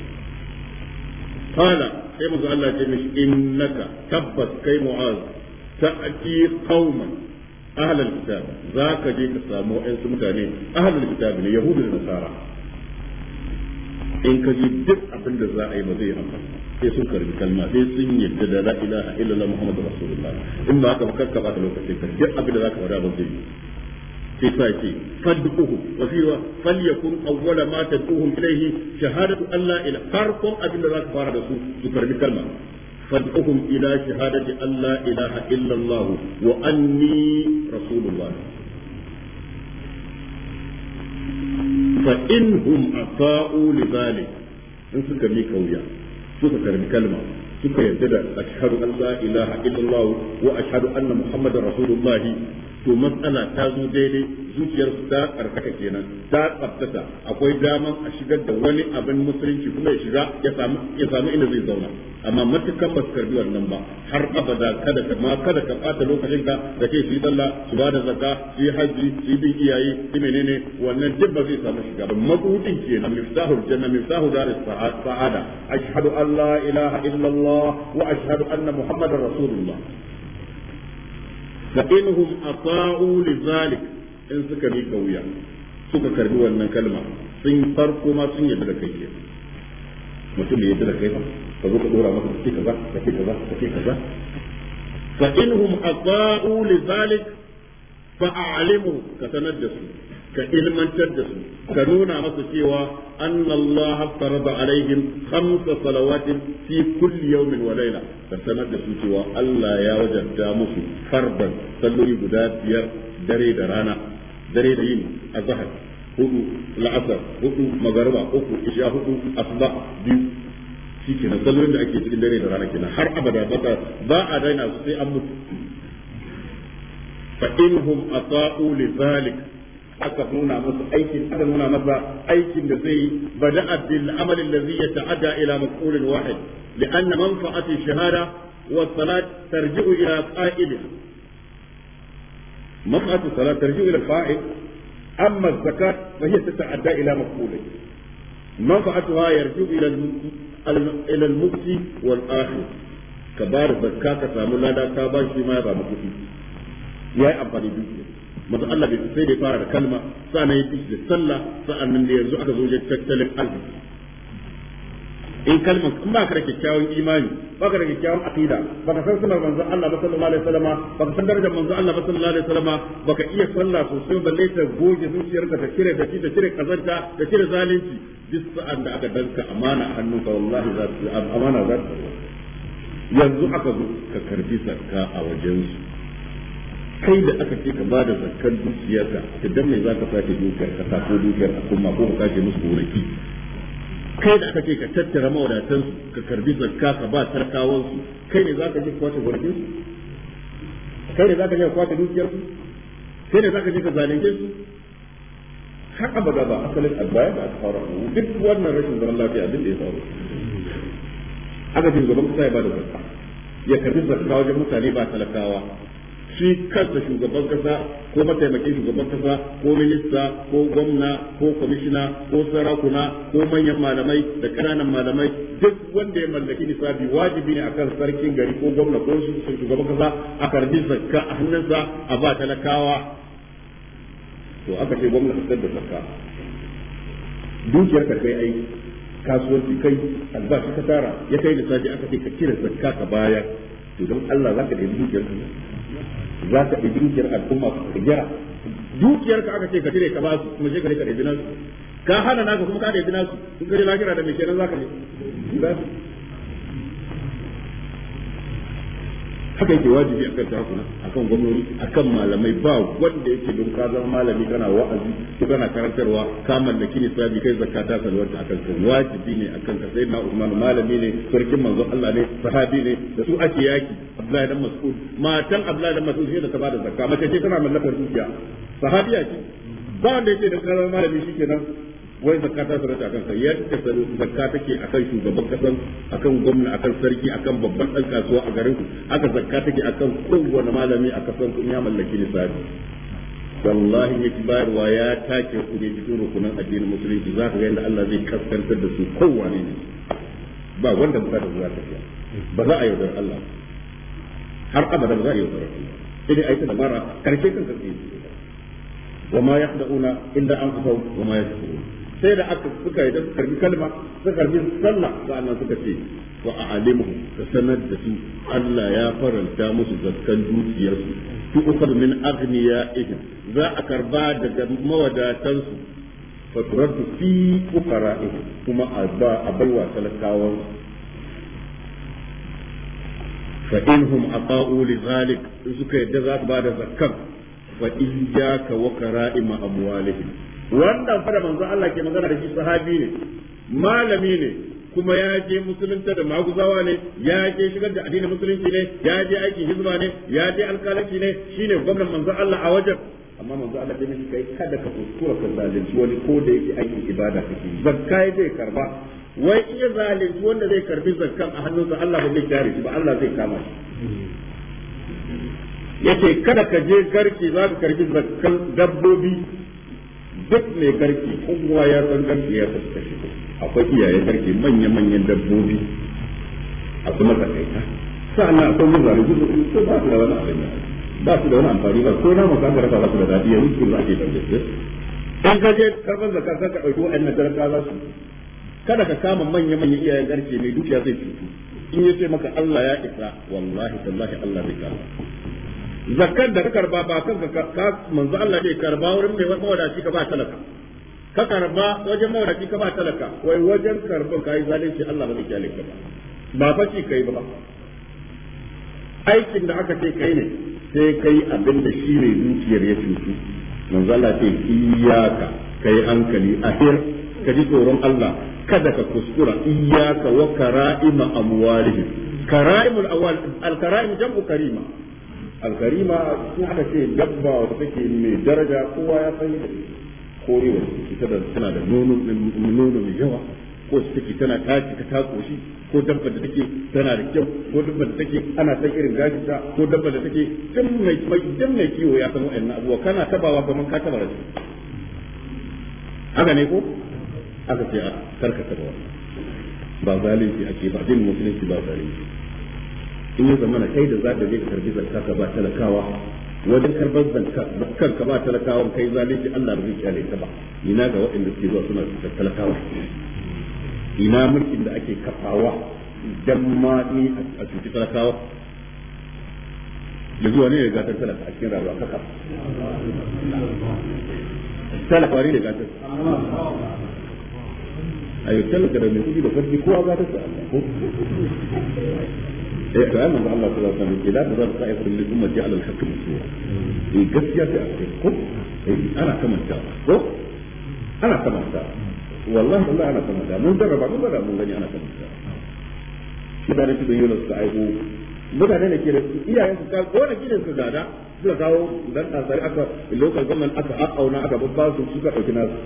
qala sai mu Allah ce mishi innaka tabbas kai mu'az ta'ti qauman ahlul kitab zaka je ka samu ayyukan mutane ahlul kitab ne yahudu da nasara in ka ji duk abin da za a yi ba zai sai sun karbi kalma sai sun yadda da la ilaha illallah muhammadu rasulullah in ba haka ba ba lokacin ka duk abin da za ka ba zai yi sai sa fadduhu wa fi wa falyakun awwala ma tad'uhum ilayhi shahadatu abin da za ka fara da su su karbi kalma fad'uhum ila shahadati ilaha illallah wa anni rasulullah fa a afa'u li zalik in suka mi kauya suka karbi kalma suka yarda da ashhadu an la ilaha illallah wa ashhadu anna muhammadar rasulullah to matsala ta zo daidai zuciyar ta karkata kenan ta tsaftata akwai daman a shigar da wani abin musulunci kuma ya shiga ya samu inda zai zauna amma matukan ba su karbi wannan ba har abada kada ka ma kada ka bata lokacin ka da ke su yi sallah su ba da zakka su yi haji su yi bin iyaye su menene wannan duk ba zai samu shiga ba mabudin kenan miftahul janna miftahu daris sa'ada ashhadu an la ilaha illallah wa ashhadu anna muhammadar rasulullah فإنهم أطاعوا لذلك in suka mika wuya suka karbi wannan kalma sun farko ma sun yadda da kai ke mutum yadda da kai ba ka zo ka dora maka kake kaza kake kaza kake kaza fa inhum aqa'u li zalik fa a'limu ka sanar da su ka ilmantar da su ka nuna masa cewa anna Allah farada alaihim khamsa salawatin fi kulli yawmin wa layla ka sanar da su cewa Allah ya wajabta musu farban salloli guda biyar dare da rana dare da yini azhar hudu la'asar hudu magariba uku isha hudu asuba biyu shi ke nan da ake cikin dare da rana kenan har abada baka ba a daina su sai an mutu fa hum ata'u li zalik aka nuna masa aikin aka nuna masa aikin da zai bada bil amal allazi yata'adda ila maf'ul wahid li'anna manfa'ati shahada wa salat tarji'u ila qa'ilin مقعد الصلاة ترجع إلى الفاعل أما الزكاة فهي تتعدى إلى مفعولين منفعتها يرجع إلى إلى المبتي والآخر كبار الزكاة كسامو لا كابا شي ما يبقى مكتي يا أبا نبي manzo Allah bai sai da fara da kalma sa'an yi da sallah sa'an nan da yanzu aka zo je tattalin arziki in kalmar in ba ka da kyakkyawan imani ba ka da kyakkyawan aqida ba ka san sunan manzon Allah ba sallallahu alaihi wasallam ba ka san darajar manzon Allah ba sallallahu alaihi wasallam ba ka iya sallah sosai balle ta goge zuciyarka ta cire da ta cire kazanta da cire zalunci duk sa'an da aka danka amana a hannunka wallahi za ta amana za ta yanzu aka zo ka karbi zakka a wajen su kai da aka ce ka bada zakkan dukiyarka idan mai za ka sake dukiyar ka ko dukiyar kuma ko ka kace musu gonaki kai da aka ce ka tattara mawadatan su ka karbi zakka ka ba tarkawan su kai ne zaka je kwace gurbin su kai ne zaka je kwace dukiyar su kai ne zaka je ka zalunce su har abada ba asalin albaya ba a fara duk wannan rashin zaman lafiya duk da ya faru aka ce gaban kusa ya ba da zakka ya karbi zakka wajen mutane ba talakawa shi kansa shugaban kasa ko mataimakin shugaban kasa ko minista ko gwamna ko kwamishina ko sarakuna ko manyan malamai da kananan malamai duk wanda ya mallaki nisabi wajibi ne akan sarkin gari ko gwamna ko shugaban kasa a karbin zakka a hannunsa a ba talakawa to aka ce gwamna ta da zakka dukiyar ka kai aiki kasuwanci kai albashi ka tara ya kai nisabi aka ce ka kira zakka ka bayar to Allah zaka da dukiyar za ka ɗabi dukiyar al'umma ka gyara dukiyar ka aka ce ka cire ka ba su kuma sai ka rika ɗabi nasu ka hana naka kuma ka ɗabi nasu in ka lahira da mai kenan za ka ne haka yake wajibi akan takuna akan gwamnati akan malamai ba wanda yake don ka zama malami kana wa'azi ko kana karantarwa ka mallaki ne sabi kai zakka ta salwanta akan ka wajibi ne akan ka sai na Usman malami ne sarkin manzon Allah ne sahabi ne da su ake yaki Abdullahi dan Mas'ud matan Abdullahi dan Mas'ud shi da ta bada zakka mace ce tana mallakar dukiya sahabiya ce ba wanda yake da karamar malami shikenan wai zakka ta sarauta akan sa yadda zakka take akan shugaban kasan akan gwamna akan sarki akan babban dan kasuwa a garin ku haka zakka take akan kowane malami a kasan ku ya mallaki lissafi wallahi ya ki bayarwa ya take ku ne cikin rukunan addinin musulunci za ka ga yadda Allah zai kaskantar da su kowane ne ba wanda bukatar zuwa tafiya ba za a yaudar Allah har abada ba za a yaudar Allah sai dai aika dabara karshe kan karfe wa ma yakhda'una illa anfusahum wa ma yashkurun sai da aka suka yi karbi kalma suka karbi sallah Allah suka ce wa a'alimuhu ka sanar da su Allah ya faranta musu zakkan dukiyarsu tu'khadhu min aghniyaihim za a karba daga mawadatansu fa turaddu fi fuqara'ihim kuma a ba a baiwa talakawan fa inhum aqa'u li zalik suka yadda za ba da zakkan fa in jaka wa qara'ima amwalihim wannan fada manzo Allah ke magana da shi sahabi ne malami ne kuma ya je musulunta da maguzawa ne ya je shigar da addinin musulunci ne ya je aikin hizba ne ya je alkalanci ne shine gwamnan manzo Allah a wajen amma manzo Allah ya mishi kai kada ka kuskura ka zalunci wani ko da yake aikin ibada kake zakka zai karba wai iya zalunci wanda zai karbi zakkan a hannunsa Allah ba zai kare shi ba Allah zai kama shi yace kada ka je garki za ka karbi zakkan dabbobi duk mai garki kowa ya san garki ya fuskaci akwai iyaye garki manya-manyan dabbobi a kuma tsakaita sa'annan akwai zari gudu ko ba su da wani abin ba su da wani amfani ba ko na maka ga rasa su da dadi yanzu su ake dauke su in ka je karban zakar ka dauki wa'annan garka za su kada ka kama manya-manyan iyayen garke mai dukiya zai cutu in ya ce maka Allah ya isa wallahi tallahi Allah zai kama zakkar da ka karba ba kanka ka manzo Allah bai karba wurin mai mawadaci ka ba talaka ka karba wajen mawadaci ka ba talaka wai wajen karban kai zalunci Allah ba zai kyale ka ba ba fashi kai ba aikin da aka ce kai ne sai kai abin da shi ne zuciyar ya cutu manzo Allah ce iyaka kai hankali a hir ka ji tsoron Allah kada ka kuskura iyaka wa kara'ima amwalihim kara'imul awal al kara'im jam'u karima alkarima sun aka ce dabba wata take mai daraja kowa ya san korewa ita da tana da nono mai yawa ko su take tana tashi ta tako shi ko dabba da take tana da kyau ko dabba da take ana san irin gashin ta ko dabba da take dan mai mai dan mai kiwo ya san wa'annan abuwa kana tabawa kamar ka taba rashi haka ne ko aka ce a karkata ba ba zalunci ake ba din musulunci ba zalunci in ya zamana kai da za ka je ka karbi zakka ka ba talakawa wajen karbar zakkar ka ba talakawa kai zalunci Allah ba zai kyale ta ba ina ga waɗanda suke zuwa suna da talakawa ina mulkin da ake kafawa dan ma ni a cuci talakawa ya zuwa ne ya gatar talaka a cikin rayuwa kaka talaka ne ya gatar a yi talaka da mai kudi da farki kowa gatar sa eh to ayyukan Allah ta zata miki la ta zata ayyukan min ummati ala alal haqq masura in eh, gaskiya ta akai ko eh, ana kamanta ko ana kamanta wallahi wallahi ana ta mun jarraba mun bada mun gani ana kamanta shi da nake da Yunus da aiko mutane ne ke da iyayen su kai ko na gidan su gada suka kawo dan tsari aka local government aka auna aka babba su suka dauki nasu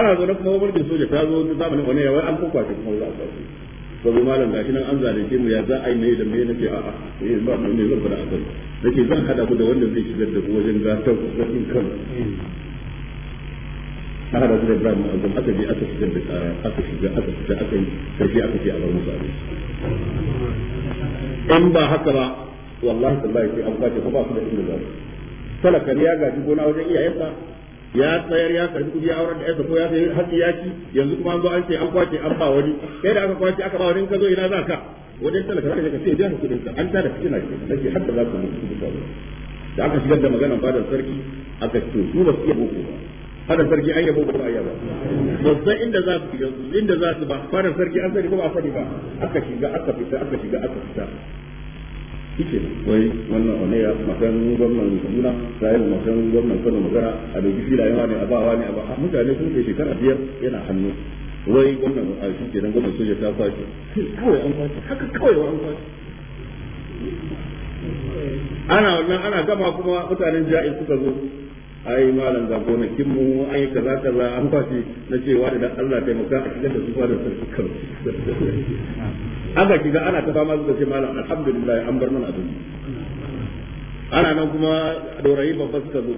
ana zo na kuma wani soja ta zo zamanin wani yawa an kokwace kuma za a kwace gobe malam gashi nan an zalunce mu ya za a yi mai da mai nace a'a eh ba mu ne zan fara akai nace zan hada ku da wanda zai shigar da ku wajen gatan zakin kan a hada ku da Ibrahim azam aka je aka shigar da kara aka shiga aka fita aka yi karfi aka ce a bar musu abin in ba haka ba wallahi tallahi sai an ko ba su da inda za su talaka ne ya gaji gona wajen iyayensa ya tsayar ya karbi kudi ya auren da ya ko ya sayi haƙi yaki yanzu kuma an zo an ce an kwace an ba wani kai da aka kwace aka ba wani ka zo ina za ka wajen talaka za ka je ka ce biya ka kudin ka an tada fitina ke nake hatta za ku mutu da sauran da aka shigar da maganar fadar sarki aka ce su ba su iya boko ba fadar sarki an yabo ba ya ba babban inda za su yanzu inda za su ba fadar sarki an sani ko ba sani ba aka shiga aka fita aka shiga aka fita kike wai wannan one ya makan gwamnan Kaduna sai mu makan gwamnan Kano magana a da gishi da yawa ne a bawa ne a ba mutane sun kai shekara biyar yana hannu wai gwamnan a ke nan gwamnan soja ta kwace kawai an kwace haka kawai an kwace ana wannan ana gama kuma mutanen ja'i suka zo ai malam ga gonakin mu an yi kaza kaza an kwashe na cewa da Allah taimaka a cikin da su fara sarki kan aka kiga ana ta fama da ce malam alhamdulillah an bar mana abin ana nan kuma dorayi babba suka zo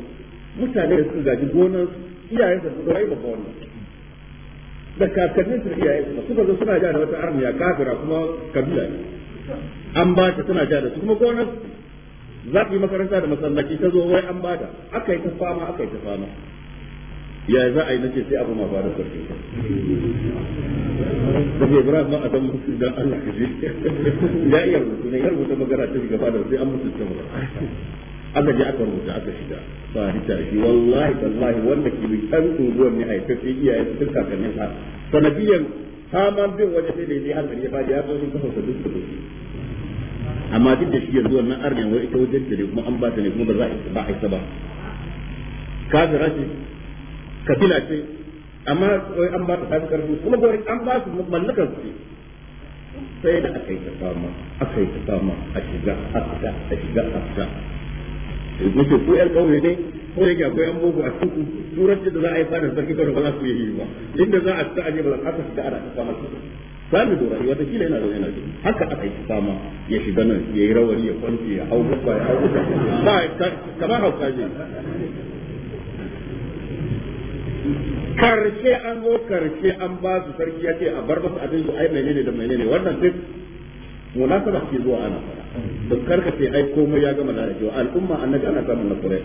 mutane da suka gaji gonar iyayen da dorayi babba wannan da kakannin su iyayen su suka zo suna ja da wata armiya kafira kuma kabila an ba ta suna ja da su kuma gonar za ku yi makaranta da masallaci ta zo wai an bada aka yi ta fama aka yi ta fama ya za a yi nace sai abu ma ba da sarki da ke bura ma a dan musu dan Allah ka ji ya iya rubutu ne ya rubuta magana ta shiga fadar sai an musu ta magana aka ji aka rubuta aka shiga ba ni tashi wallahi wallahi wanda ke bi kan unguwar ne haifafe iyaye su kakannin ha sanadiyan haman bin waje sai da ya har da ya fadi ya zo sun kafa sabbin sabbin amma duk da shi yanzu wannan arniyan wai ita wajen ne kuma an ba ta ne kuma ba za a isa ba kafira ce kabila ce amma wai an ba ta tafi karfi kuma gori an ba su mallakar su sai da aka yi ta fama aka yi ta fama a shiga a fita a shiga a fita ko yan kauye ne ko yake akwai yan boko a cikin turanci da za a yi fadar sarki kawai ba za su yi ba inda za a fita a ne ba za a fita a ta fama sami dora wata kila yana da yana jini haka aka yi fama ya shiga nan ya yi rawari ya kwanci ya hau gaba ya hau gaba ba kamar hauka ne karshe an zo karshe an ba su sarki ya ce a bar masu abin su ai menene da menene wannan duk munasaba ke zuwa ana fara dukkan ka sai ai komai ya gama lalacewa al'umma annabi ana samun na kurai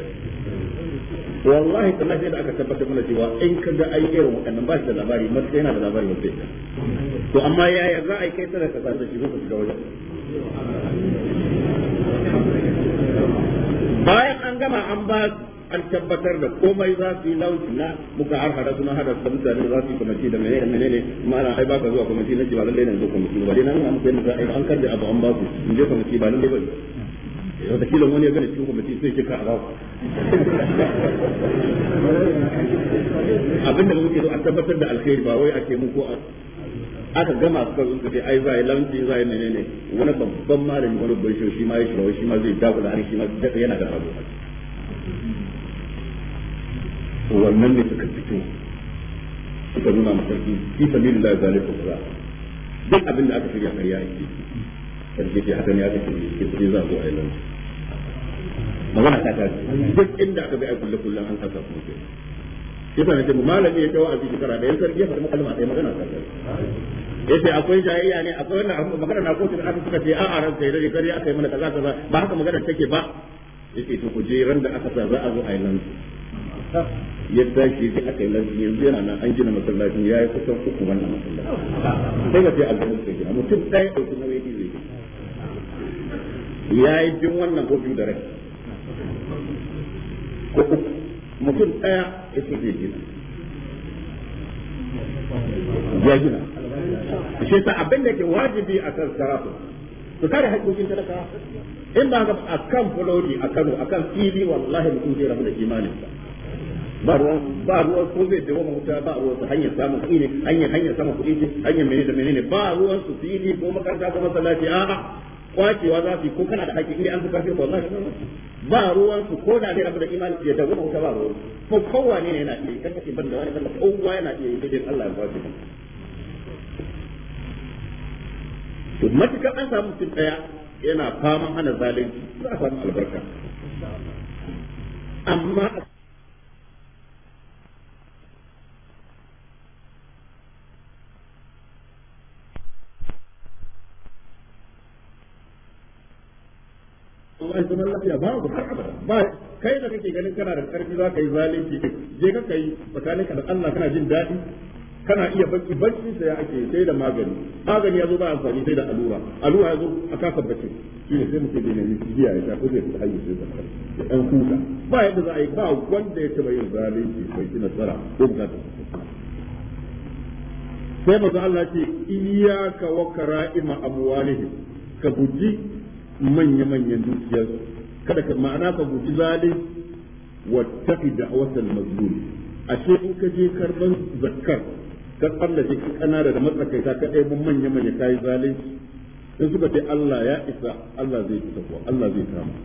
wallahi da lafiya da aka tabbatar mana cewa in ka ga ai irin waɗannan ba shi da labari masu yana da labari wanda ya to amma ya yaya za a yi kai tare ka da shi ko ka shiga wajen bayan an gama an ba an tabbatar da komai za su yi lauci na muka har hada suna hada da mutane za su yi kwamiti da menene menene ma'ana ai baka zuwa kwamiti na ce ba lallai na zo kwamiti ba dai na nuna muku yadda za a yi an karbe abu an ba ku in je kwamiti ba lallai ba ne wata kila wani ya gane cikin kwamiti sai ke ka a baku abinda muke zo a tabbatar da alkhairi ba wai ake mun ko aka gama suka zo kace ai za a yi zai lanci zai ne ne wani babban malami wani baisho shi ma ya shi shirawo shi ma zai dagula har shi ma daga yana da rabu wannan ne suka fito suka nuna masarki fi sabili sabilillah zalika kaza duk abin da aka shirya kariya yake sarki ke haka ne aka shirya ke sai za zo yi lamci magana ta ta duk inda aka bi a kulle kullun an saka kuma ke shi ta nace malami ya kawo a cikin kara da yan sarki ya faɗi kalma ɗaya magana ta ta yace akwai jayayya ne akwai wannan magana na kotu da aka suka ce a'a ran sai dai kare aka yi mana kaza kaza ba haka magana take ba yace to ku je ran da aka sa za a zo a yi nan ya tashi sai aka yi lafi yanzu yana nan an gina masallacin ya yi kusan uku wannan masallacin sai ka sai aljanna sai gina mutum ɗaya ɗauki nauyi zai ya yi jin wannan ko biyu da rai ko mutum ɗaya ya ce zai gina ya gina shi sa abin da ke wajibi a kan sarafu su kare haƙoƙin talaka in ba ga a kan fulori a kano a kan fili wallahi mutum zai rabu da imaninsa ba ruwan ba ruwan ko zai dawo ma wuta ba ruwan su hanyar samun kuɗi ne hanyar hanyar samun kuɗi ne hanyar menene menene ba ruwan su fili ko makaranta ko masallaci a'a kwacewa za su yi ko kana da haƙƙi inda an fi karfi ko za ba ruwan su ko da zai rabu da imani ya dawo ba ba ruwan ko kowa ne yana iya kan kace ban wani ban kowa yana iya yi dai Allah ya kwace to matukar an samu mutum daya yana faman hana zalunci za a samu albarka amma wallahi zaman lafiya ba ku har abada ba kai da kake ganin kana da karfi za ka yi zalunci je ka kai tsakanin ka da Allah kana jin daɗi kana iya bacci bacci sai ya ake sai da magani magani ya zo ba amfani sai da allura allura ya zo a kasa bacci shi ne sai mutum bai nemi jiya ya ko zai fita hayyace da ɗan kuka ba yadda za a yi ba wanda ya taɓa yin zalunci bai ci nasara ko bukata sai maza Allah ce iyaka wa kara'ima amwalihim ka guji manya-manyan dukiyar kada ka ma'ana ka guji zalim wa tafi da'awatal mazlum ce in ka je karban zakkar ka kalla ki kana da matsakaita ka ɗaya manya-manya kayi zalim in suka ce Allah ya isa Allah zai fita ko Allah zai kama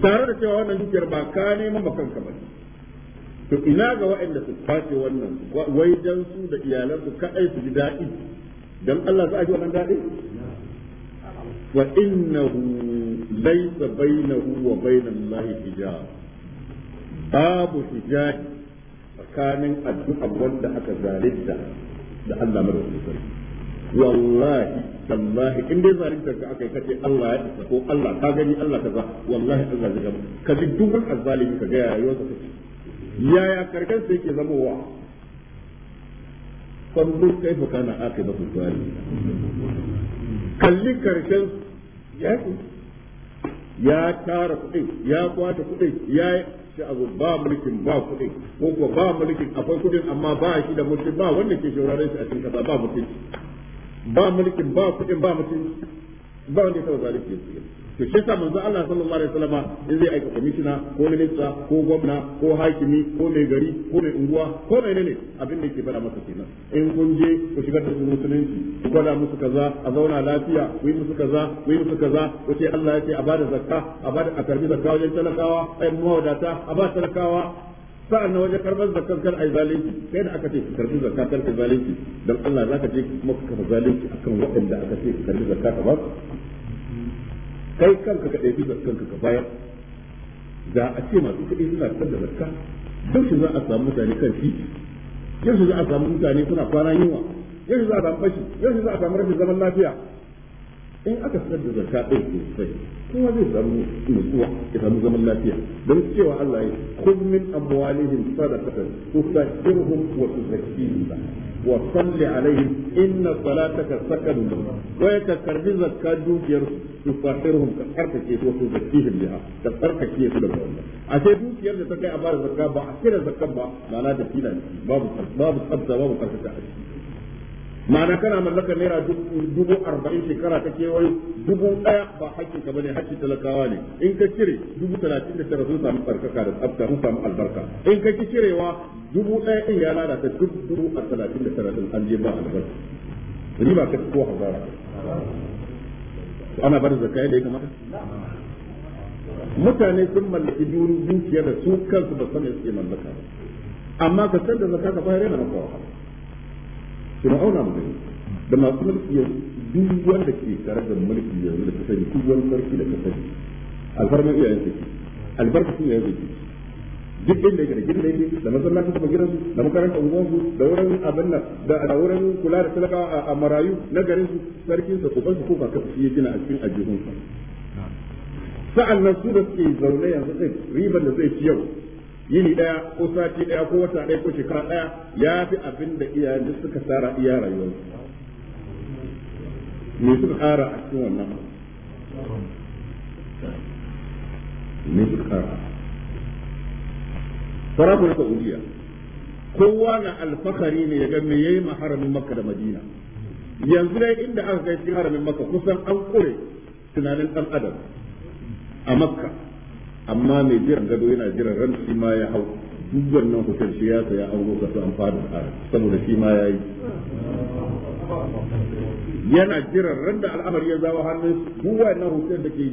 tare da cewa wannan dukiyar ba ka neman ba kanka ba to ina ga wa'anda su kwace wannan wai dan su da iyalansu kaɗai su ji daɗi dan Allah za a ji wannan daɗi fa innahu laysa bainahu wa bainallahi hijab babu hijab tsakanin addu'a wanda aka zalunta da Allah madaukakin sarki wallahi tallahi in dai zalunta ka aka yi kace Allah ya isa ko Allah ka gani Allah kaza wallahi Allah zai gaba ka bi duk wani azzalimi ka ga yayin sa kace yaya karkar sai ke zama wa fanzur kaifa kana aqibatu zalim kalli karshen yaƙi ya tara kuɗin ya kwata kuɗin ya shi abu ba mulkin ba kuɗin ko kuwa ba mulkin akwai kuɗin amma ba shi da mulkin ba wanda ke shauraren shi a cikin kasa ba mulkin ba mulkin ba kuɗin ba mutunci ba wanda ya taɓa zalunci ya to shi yasa manzo Allah sallallahu alaihi wasallama in zai aika komishina ko minista ko gwamna ko hakimi ko mai gari ko mai unguwa ko mai abin da yake fada masa kenan in kun je ku shigar da musulunci ku gwada musu kaza a zauna lafiya ku yi musu kaza ku yi musu kaza ku ce Allah ya ce a bada zakka a bada a karbi zakka wajen talakawa ai mawadata a ba talakawa sa'an nan wajen karbar zakar kar ai zalunci sai da aka ce karbi zakka kar ai zalunci dan Allah zaka je kuma ka zalunci akan waɗanda aka ce karbi zakka ba kai kanka ka ɗaya bisa kanka ka bayar da a ce masu kuɗi suna fitar da zakka yaushe za a samu mutane kan titi yaushe za a samu mutane suna kwana yunwa yaushe za a samu fashi shi za a samu rashin zaman lafiya in aka fitar da zakka ko sosai kowa zai samu nutsuwa ya samu zaman lafiya don cewa Allah ya kun min amwalihim sadaqatan tusahiruhum wa tuzakkihim wa salli alaihim inna salataka sakadun lahum wa yatakarbi zakka dukiyar su fasirhum ka farkake su wato zakkihim biha ka farkake su da wannan a dukiyar da ta kai a bada zakka ba a kira zakka ba lana da filan babu babu tsabta babu karkata ma'ana kana mallakar naira dubu arba'in shekara ta kewaye dubu ɗaya ba hakkin ka bane hakkin talakawa ne in ka cire dubu talatin da tara sun samu barkaka da tsafta sun samu albarka in ka ki cirewa dubu ɗaya in ya lalata duk dubu a talatin da tara sun an je ba albarka ba ka ko hazara ana bar zakka yadda ya kamata mutane sun mallaki dukiyar da su kansu ba sanin ke mallaka amma ka san da zakka ka bayar yana maka wahala fir'auna mu gani da masu mulki yanzu duk wanda ke tare da mulki yanzu da kasani duk wani sarki da kasani alfarman iyayen su albarkacin iyayen su duk inda yake da gidan yake da masallacin kuma gidansu da makarantar unguwansu da wurin abin nan da wurin kula da talaka a marayu na garin su sarkin sa ko kansu ko ba kafa shi gina a cikin ajihun sa sa'an nan su da suke zaune yanzu zai riban da zai ci yau yini daya ko sati daya ko wata daya ko shekara daya ya fi abin da iyayen da suka tsara iya rayuwar me suka kara a cikin wannan me suka kara sarakun saudiya kowa na alfahari ne ya ga me yayi maharamin makka da madina yanzu dai inda aka kai cikin haramin makka kusan an kure tunanin dan adam a makka amma mai jiran gado yana jiran ran shi ma ya hau duk wannan hotel shi ya saya an roka su an fara saboda shi ma ya yi yana jiran ran da al'amari ya zawo hannun duk wannan hotel da ke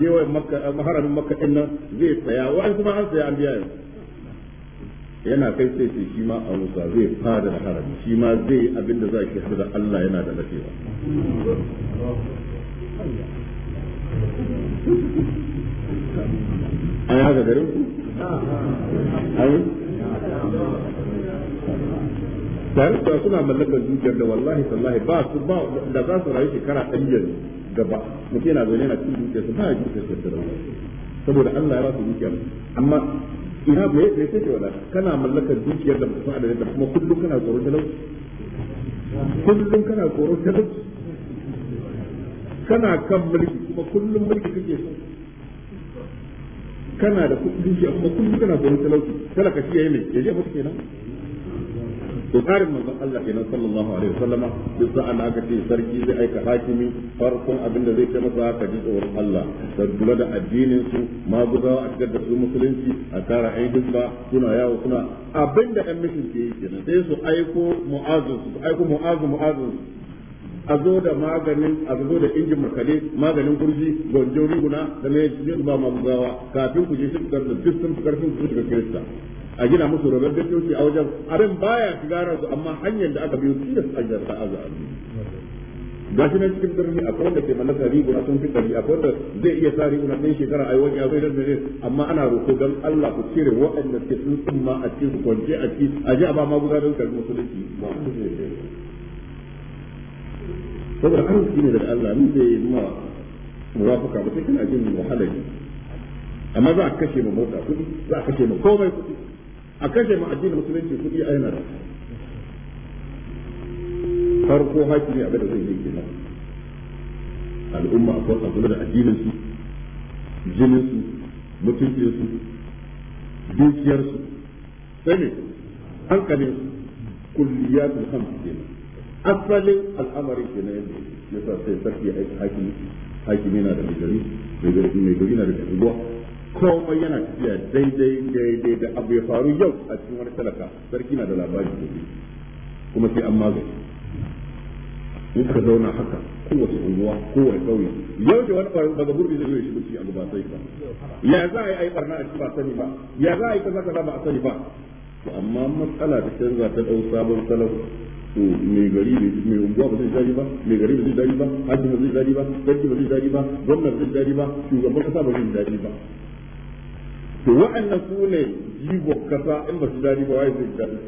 jewayen makka maharamin makka din nan zai saya wa'an kuma an saya an biya yau yana kai sai sai shi ma a musa zai fada da harami shi ma zai yi abin da za ki haɗu da Allah yana da lafiya an haka garin ku ai tare da suna mallakar zuciyar da wallahi sallahi ba su ba da za su rayu shekara ɗan yanzu gaba mutum yana zaune na cikin su ba ya zuciyarsa da rawa saboda Allah ya ba su zuciya amma ina ba ya me ce wala kana mallakar dukiyar da mutum adadin da kuma kullum kana tsoron talauci kullum kana tsoron talauci kana kan mulki kuma kullum mulki kake so kana da kuɗi shi amma kullum kana tsoron talauci talaka shi yayi ne ya je mata kenan to karin manzon Allah kenan sallallahu alaihi wasallam duk da sa'an aka ce sarki zai aika hakimi farkon abin da zai ce masa ka ji tsoron Allah ka kula da addinin su ma maguzawa a cikin da su musulunci a tara ainihin ba suna yawo suna abinda da ɗan mishin ke yi kenan sai su aiko mu'azu su aiko mu'azu mu'azu a zo da maganin a zo da injin makale maganin gurji gonjo riguna da ne yin ba gawa kafin ku je shi da duk karfin su kirista a gina musu rabar da tsoci a wajen abin baya shiga su amma hanyar da aka biyo shi da sajjar da azu ga shi nan cikin birni a wanda ke mallaka riguna sun fi dari akwai da zai iya sa riguna ɗin shekara a yi wani abai da zai amma ana roƙo don Allah ku cire waɗanda ke tsuntsun ma a cikin kwance a ci a ji a ba gudanar da musulunci ba saboda arziki ne daga Allah mun zai ma muwafaka ba sai kana jin wahala ne amma za a kashe ma mota kuɗi za a kashe ma komai kuɗi a kashe ma addinin musulunci kuɗi a yana da farko ne abin da zai yi kenan al'umma a akwai abu da addinin su jinin su mutuncin su dukiyar su sai ne hankalin kulliyatul hamsu kenan asalin al'amari ke na yadda ya sa sai sarki aiki hakimi na da gari mai gari na da kasuwa komai yana tafiya daidai daidai da abu ya faru yau a cikin wani talaka sarki na da labari kuma sai an magani in ka zauna haka kowace unguwa kowace ƙauye yau da wani ɓarin daga burbi zai yi shi mutu a gaba sai ba ya za a yi ayi barna a ci ba sani ba ya za a yi kaza kaza ba a sani ba amma matsala ta canza ta ɗau sabon salon to me gari mai unguwa ba zai dadi ba mai gari ba zai dadi ba hakim ba zai dadi ba sarki ba zai dadi ba gwamna ba zai dadi ba shugaban kasa ba zai dadi ba to wa'annan su ne jigo kasa in ba su dadi ba wai zai dadi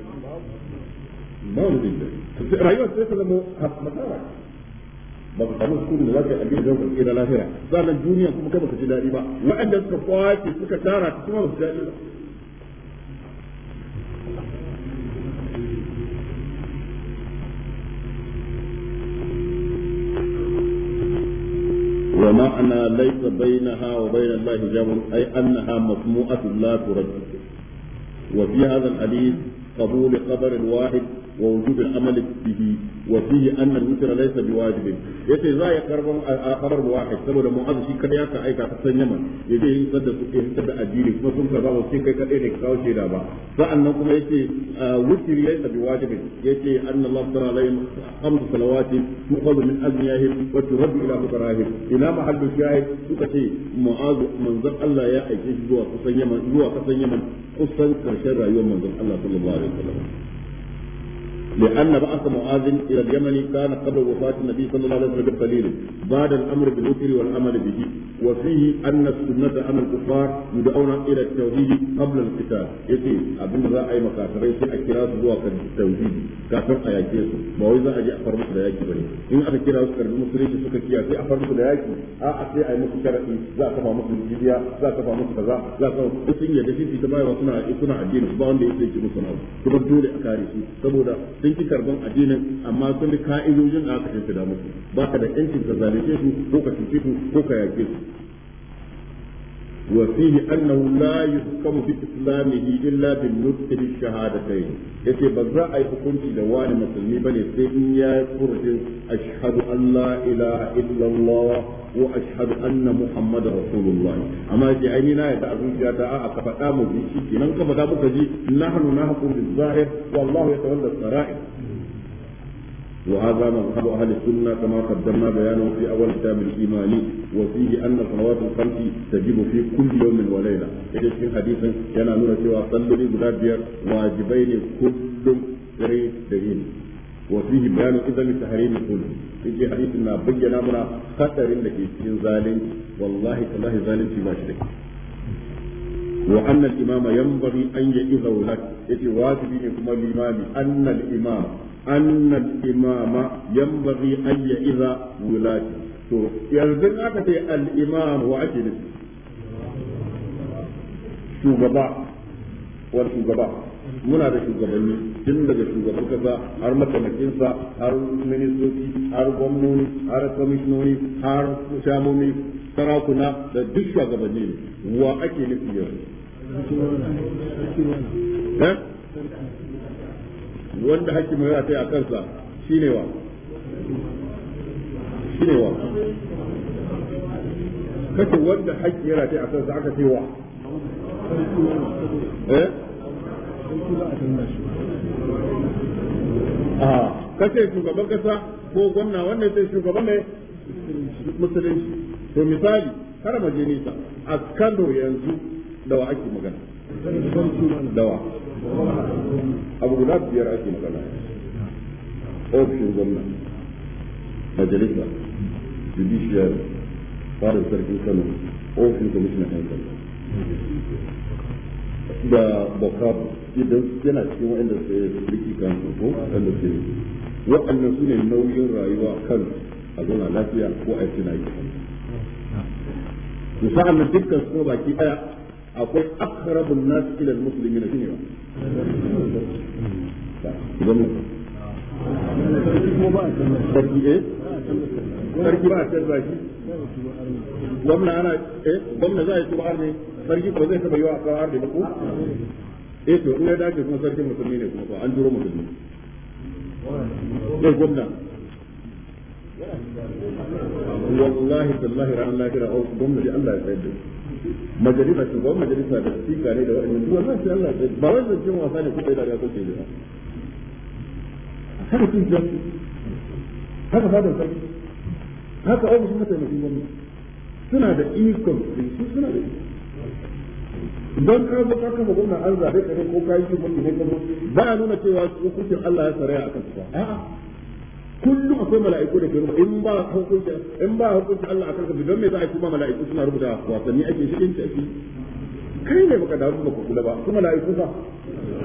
ba wani zai dadi rayuwar sai ta zama hasmatara ba ka samu sukuni da za ka yi abin da zai na lahira sannan duniya kuma kai ba ka ji dadi ba wa'anda suka kwace suka tara kuma ba su dadi ba ومعنى ليس بينها وبين الله حجاب أي أنها مسموعة لا ترد وفي هذا الحديث قبول خبر واحد ووجوب العمل به وفيه أن الوتر ليس بواجب يتي ذا يقرب قرار واحد سبب معاذ شي كان يكا أيكا تسن يمن يجي يسد سكي يسد أديري كما سن كذا وسكي كي كأي نكتاو شي دابا فأنا كما يتي وتر ليس بواجب يتي أن الله ترى عليهم خمس صلوات تؤخذ من أغنيائهم وترد إلى فقراهم إلى محل الشاهد سكتي معاذ منزل الله يا أيكي جوا كسن يمن جوا كسن يمن كسن كرشر يوم منزل الله صلى الله عليه وسلم لأن بعث معاذ إلى اليمن كان قبل وفاة النبي صلى الله عليه وسلم بقليل بعد الأمر بالوتر والعمل به وفيه أن السنة أن الكفار يدعون إلى التوحيد قبل القتال يتي أبن ذا أي مكافرين في أكراس هو التوحيد كافر أياكيس ما هو إذا أجي أفر مثل أياكي بني إن أكراس كرد مسلمين سكا كيا في أفر مثل أياكي أأتي أي مسلم شرعي لا تفع مسلم جديا لا تفع مسلم كذا لا تفع مسلم يدفي في تبايا وصنع الدين سبحانه وتعالى يسلم سنعه تبدو لأكاريسي تبدو sun ki karban addinin amma sun ka'idojin da aka da musu ba ka da yancin ka zalunce su ko ka cuce su ko ka yake su وفيه أنه لا يحكم بإسلامه إلا بالنطق بالشهادتين yace ba za a yi hukunci da wani musulmi ba ne sai in ya furta ashhadu an la ilaha illallah wa ashhadu anna muhammadar rasulullah amma yace ai ni na yadda a zuciya ta a'a ka faɗa mu ji nahnu nahkum bil ya wallahu yatawalla وهذا مذهب أهل السنة كما قدمنا بيانه في أول كتاب الإيمان وفيه أن الصلوات الخمس تجب في كل يوم وليلة إذا في حديث كان نور سوى صلي بلاد واجبين كل غير دين وفيه بيان إذن تحريم الظلم في حديثنا بين أمر خطر لك إن ظالم والله تالله ظالم في ما شرك وأن الإمام ينبغي أن يئذ لك يتي واجبين كما الإمام أن الإمام أن الإمام ينبغي أن يئذ ولاته to yanzu الإمام ce al'imam wa ake shugaba shugaba muna da shugabanni tun daga shugaban kasa har mataimakinsa har ministoci har gwamnoni har kwamishinoni har shamomi sarakuna da duk shugabanni ne wa ake nufi yanzu wanda haƙƙi mai rataya a kansa shi ne wa ne wa kace wanda haƙƙi yana rataya a kansa aka ce wa eh a kace shugaban kasa ko gwamna wannan sai shugaban ne musulunci to misali kar mu je nisa a Kano yanzu da wa ake magana dawa abu guda biyar ake magana ofishin gwamna majalisa fara sarkin kano ofishin kwamishina yan kano da bokabu idan yana cikin su yi riki kan ko su yi su ne nauyin rayuwa kan a zauna lafiya ko a yi tunaki kan su sa'an da dukkan su baki ɗaya akwai aqrabun nas ila almuslimin ne ba idan Sarki ba sarki eh sarki ba ta gwamna ana eh gwamna za a yi tuba arne sarki ko zai taba yi wa a kawo arne ko eh to in ya dace kuma sarkin musulmi ne kuma ba an turo musulmi eh gwamna wallahi billahi ran lafiya gwamna da Allah ya tsayar da majalisa ce ba majalisa da sika ne da waɗannan duk wannan Allah ba wasa ne da ya kuke ba haka kin haka sarki haka ofishin suna da ikon su suna da ikon don ka zo ka kafa gwamna an zaɓe kare ko ka yi gwamna ne ba ya nuna cewa hukuncin Allah ya saraya a kan su kullum akwai mala'iku da ke rubuta in ba hukunci in ba hukunci Allah akan ka don me za a yi kuma mala'iku suna rubuta wasanni ake cikin tafi kai ne baka damu ba kula ba kuma mala'iku fa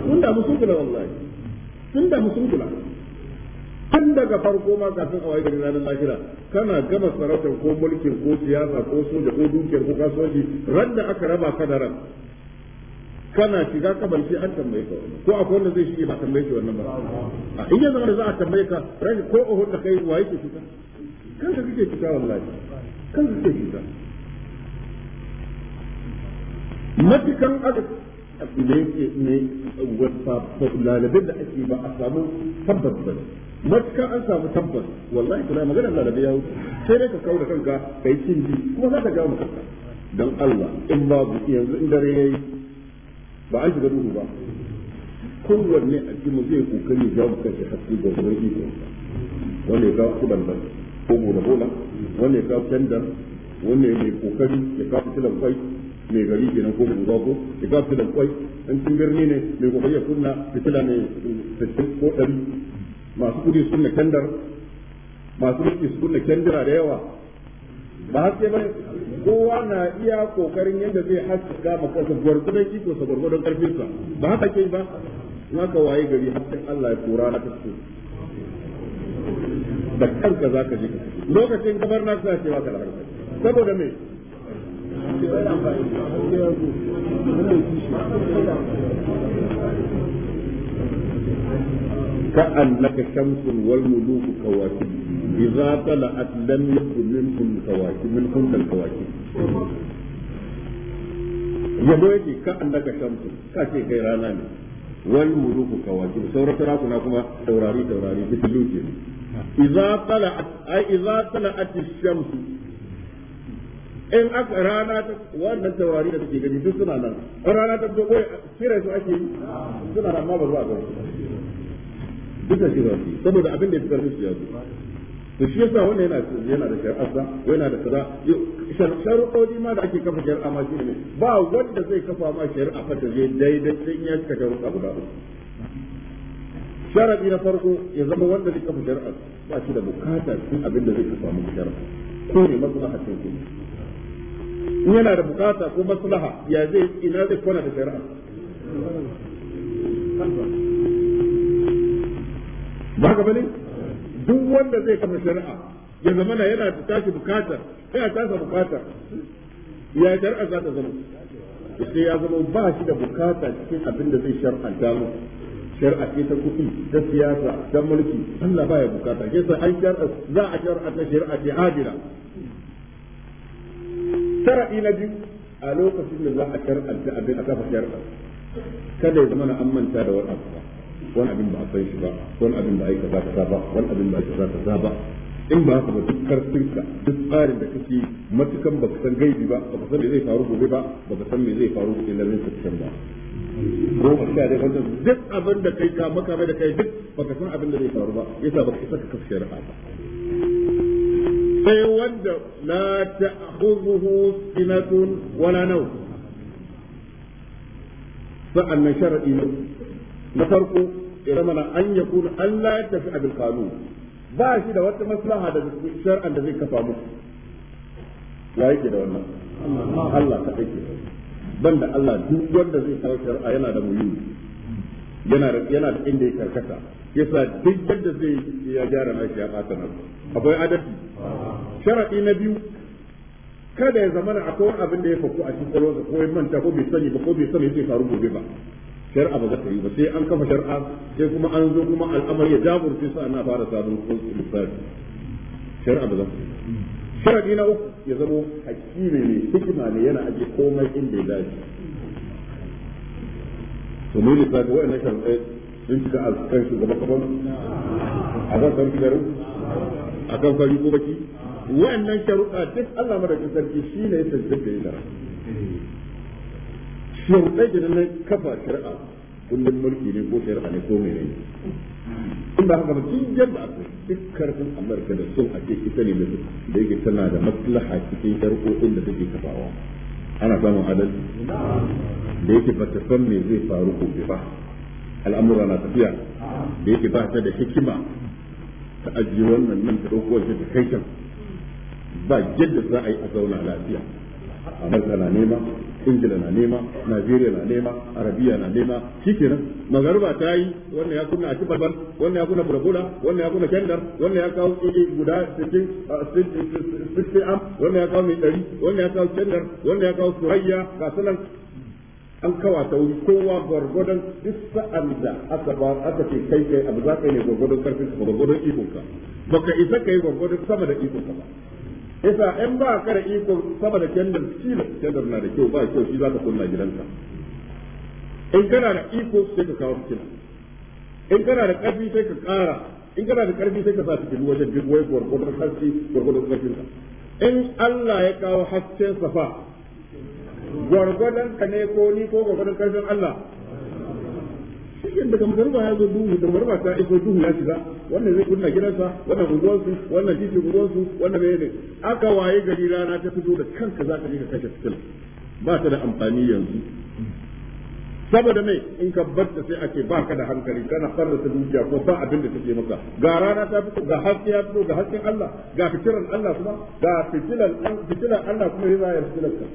sun damu sun kula wallahi sun damu sun kula tun daga farko ma kafin a waye ranar lahira kana gama sarautar ko mulkin ko siyasa ko soja ko dukiyar ko kasuwanci da aka raba ka da ran kana shiga kabarci an tambaye ka ko akwai wanda zai shige ba tambaye shi wannan ba a in ya da za a tambaye ka rai ko a da kai waye ke cuta kanka kake cuta wallahi kanka kake cuta matukan aka da yake ne lalabin da ake ba a samu tabbas ba matukan an samu tabbas wallahi kula magana lalabe ya wuce sai dai ka kawo da kanka kai cin ji kuma za ka gawo kanka don Allah in babu yanzu in dare yayi ba an shiga duhu ba kowanne a cikin zai kokari ya mu kanshi haske ga wani iko wanda ya kawo kudan da ko gona gona wanda ya kawo tendan wanda ya mai kokari ya kawo fitilan kwai mai gari nan ko mai ko ya kawo fitilan kwai an cin birni ne mai kokari ya kunna fitila ne sittin ko ɗari masu kudi su kunna tendar masu kudi su kunna kendira da yawa ba haske ba kowa na iya kokarin yadda zai haskaka ma kansa gwargwadon iko sa gwargudan karfinsa ba haka ke ba na ka waye gari hakkin Allah ya kura na kasu da kanka za ka je lokacin gabar na sa ce maka da harka saboda me shamsun شمس والملوك كواكب إذا طلعت لم يكن منكم الكواكب منكم الكواكب yabo yake ka annaka shamsu ka ce kai rana ne wal muluku kawakib sauran sarakuna kuma taurari taurari fitilu ke idza tala'at ay idza tala'at ash-shamsu in aka rana ta wannan taurari da take gani duk suna nan rana ta fito koyi kira su ake yi suna nan ma ba zuwa ga duk da shi ba saboda abin da ya fitar su ya zo to shi yasa wannan yana yana da shar'a da yana da kaza sharuɗoɗi ma da ake kafa shar'a ma shi ne ba wanda zai kafa ma shar'a fa ta je daidai sai ya cika sharuɗa guda sharadi na farko ya zama wanda zai kafa shar'a ba shi da bukata cikin abin da zai kafa mu shar'a ko ne maslaha ce ko in yana da bukata ko maslaha ya zai ina zai kona da shar'a ba ga bane duk wanda zai kama shari'a ya zama na yana tashi bukatar yana tasa bukatar ya shari'a za ta zama sai ya zama ba shi da bukata cikin abin da zai shar'anta mu shar'a ce ta kuɗi ta siyasa ta mulki Allah ya bukata ke sa an shar'a za a shar'a ta shari'a ce adila shari'a na biyu a lokacin da za a ta abin a kafa shar'a kada ya zama na an manta da wani abu wani abin ba a san shi ba wani abin ba a yi ka kaza ba wani abin ba a za ka kaza ba in ba haka ba duk karfinka duk tsarin da kake matukan baka san gaibi ba baka san me zai faru gobe ba baka san me zai faru gobe lallan ka can ba goma sha dai wannan duk abin da kai ka maka da kai duk baka san abin da zai faru ba yasa baka isa ka kafa shari'a ba sai wanda la ta'khudhuhu sinatun wala naw sa'an sharadi na farko ya zama na an ya kuna Allah ya tafi abin kanu ba shi da wata maslaha da shar'an da zai kafa muku ya yake da wannan Allah ka ake ban da Allah duk wanda zai kawo shar'a yana da muhimmi yana da yana da inda ya karkata yasa duk wanda zai ya gyara nashi ya fata nan akwai adabi shar'i na biyu kada ya zamana akwai abin da ya faku a cikin kwalwarsa ko ya manta ko bai sani ba ko bai sani zai faru gobe ba shar'a ba za ta yi ba sai an kafa shar'a sai kuma an zo kuma al'amari ya jagorce su ana fara sabon lissafi shar'a ba za ta yi sharadi na uku ya zamo hakimi ne hikima ne yana aje komai inda ya dace to ne lissafi wa'annan shar'ai eh, sun cika a kan shugaban kafan a kan sarki garin a kan fari ko baki wa'in wa'annan sharuɗa duk Allah madaukin sarki ne ya tantance da ɗaya da na kafa shari'a kullum mulki ne ko shari'a ne ko mene ne in ba haka ba cikin yadda aka duk karfin amurka da sun ake ita ne mutum da yake tana da maslaha cikin shari'o'in da take kafawa ana samun adalci da yake ba ta san me zai faru gobe ba al'amura na tafiya da yake ba ta da hikima ta ajiye wannan nan ta ɗauko wajen ta kai can ba yadda za a yi a zauna lafiya amurka na nema ingila na nema najeriya na nema arabiya na nema shikenan magaruba ta yi wannan ya kunna a ban wannan ya kunna burabuda wannan ya kunna kendar wannan ya kawo guda 60 ah, am wannan ya kawo mai dari wannan ya kawo kendar wannan ya kawo surayya ga sanan an kawa ta wuri kowa gwargwadon duk sa'an da aka ba aka ce kai kai abu za ka yi ne gwargwadon karfin ka gwargwadon ikonka baka isa kai gwargwadon sama da ikonka ba isa in ba ka da iko sama da kendar shi da kendar na da kyau ba kyau shi za ka kunna gidanka in kana da iko sai ka kawo cikin in kana da karfi sai ka kara in kana da karfi sai ka sa cikin wajen duk wai gwargwadon haske gwargwadon karfinka in Allah ya kawo hasken safa gwargwadon ka ne ko ni ko gwargwadon karfin Allah shigen daga magarba ya zo duhu da marba ta iso duhu ya shiga wannan zai kunna gidansa wannan unguwarsu wannan titi unguwarsu wannan bai ne aka waye gari rana ta fito da kanka za ka je ka kashe fitila ba ta da amfani yanzu saboda mai in ka barta sai ake ba ka da hankali kana farda ta dukiya ko ba abin da take maka ga rana ta fito ga haske ya fito ga hasken Allah ga fitilan Allah kuma ga fitilan Allah kuma yana ya fitilan ka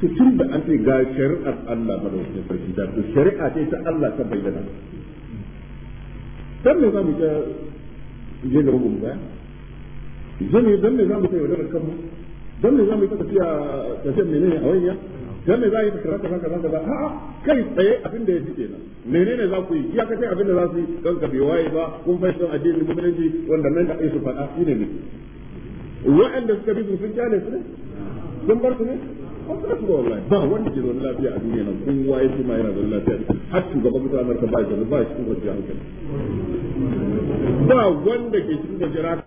su tun da an ce ga shari'ar Allah ba da madaukakin sarki da to shari'a ce ta Allah ta bayyana dan me za mu ga je da rubutu ba zan yi dan me za mu kai kan mu dan me za mu yi tafiya tafiya menene a wayya dan me za yi tafiya kaza kaza ba a'a kai tsaye abin da ya fi kenan menene za ku yi ya kace abin da za su yi don ka bai waye ba kun son addinin musulunci wanda nan da aisu fada faɗa shine ne wa'anda suka bi sun kyale su ne sun bar su ne ba su wallahi ba wanda ke zaune lafiya a duniya nan kowa ya ce ma yana zaune lafiya har shugaban mutanen Amurka ba shi ba shi cikin kwanciyar hankali ba wanda ke cikin kwanciyar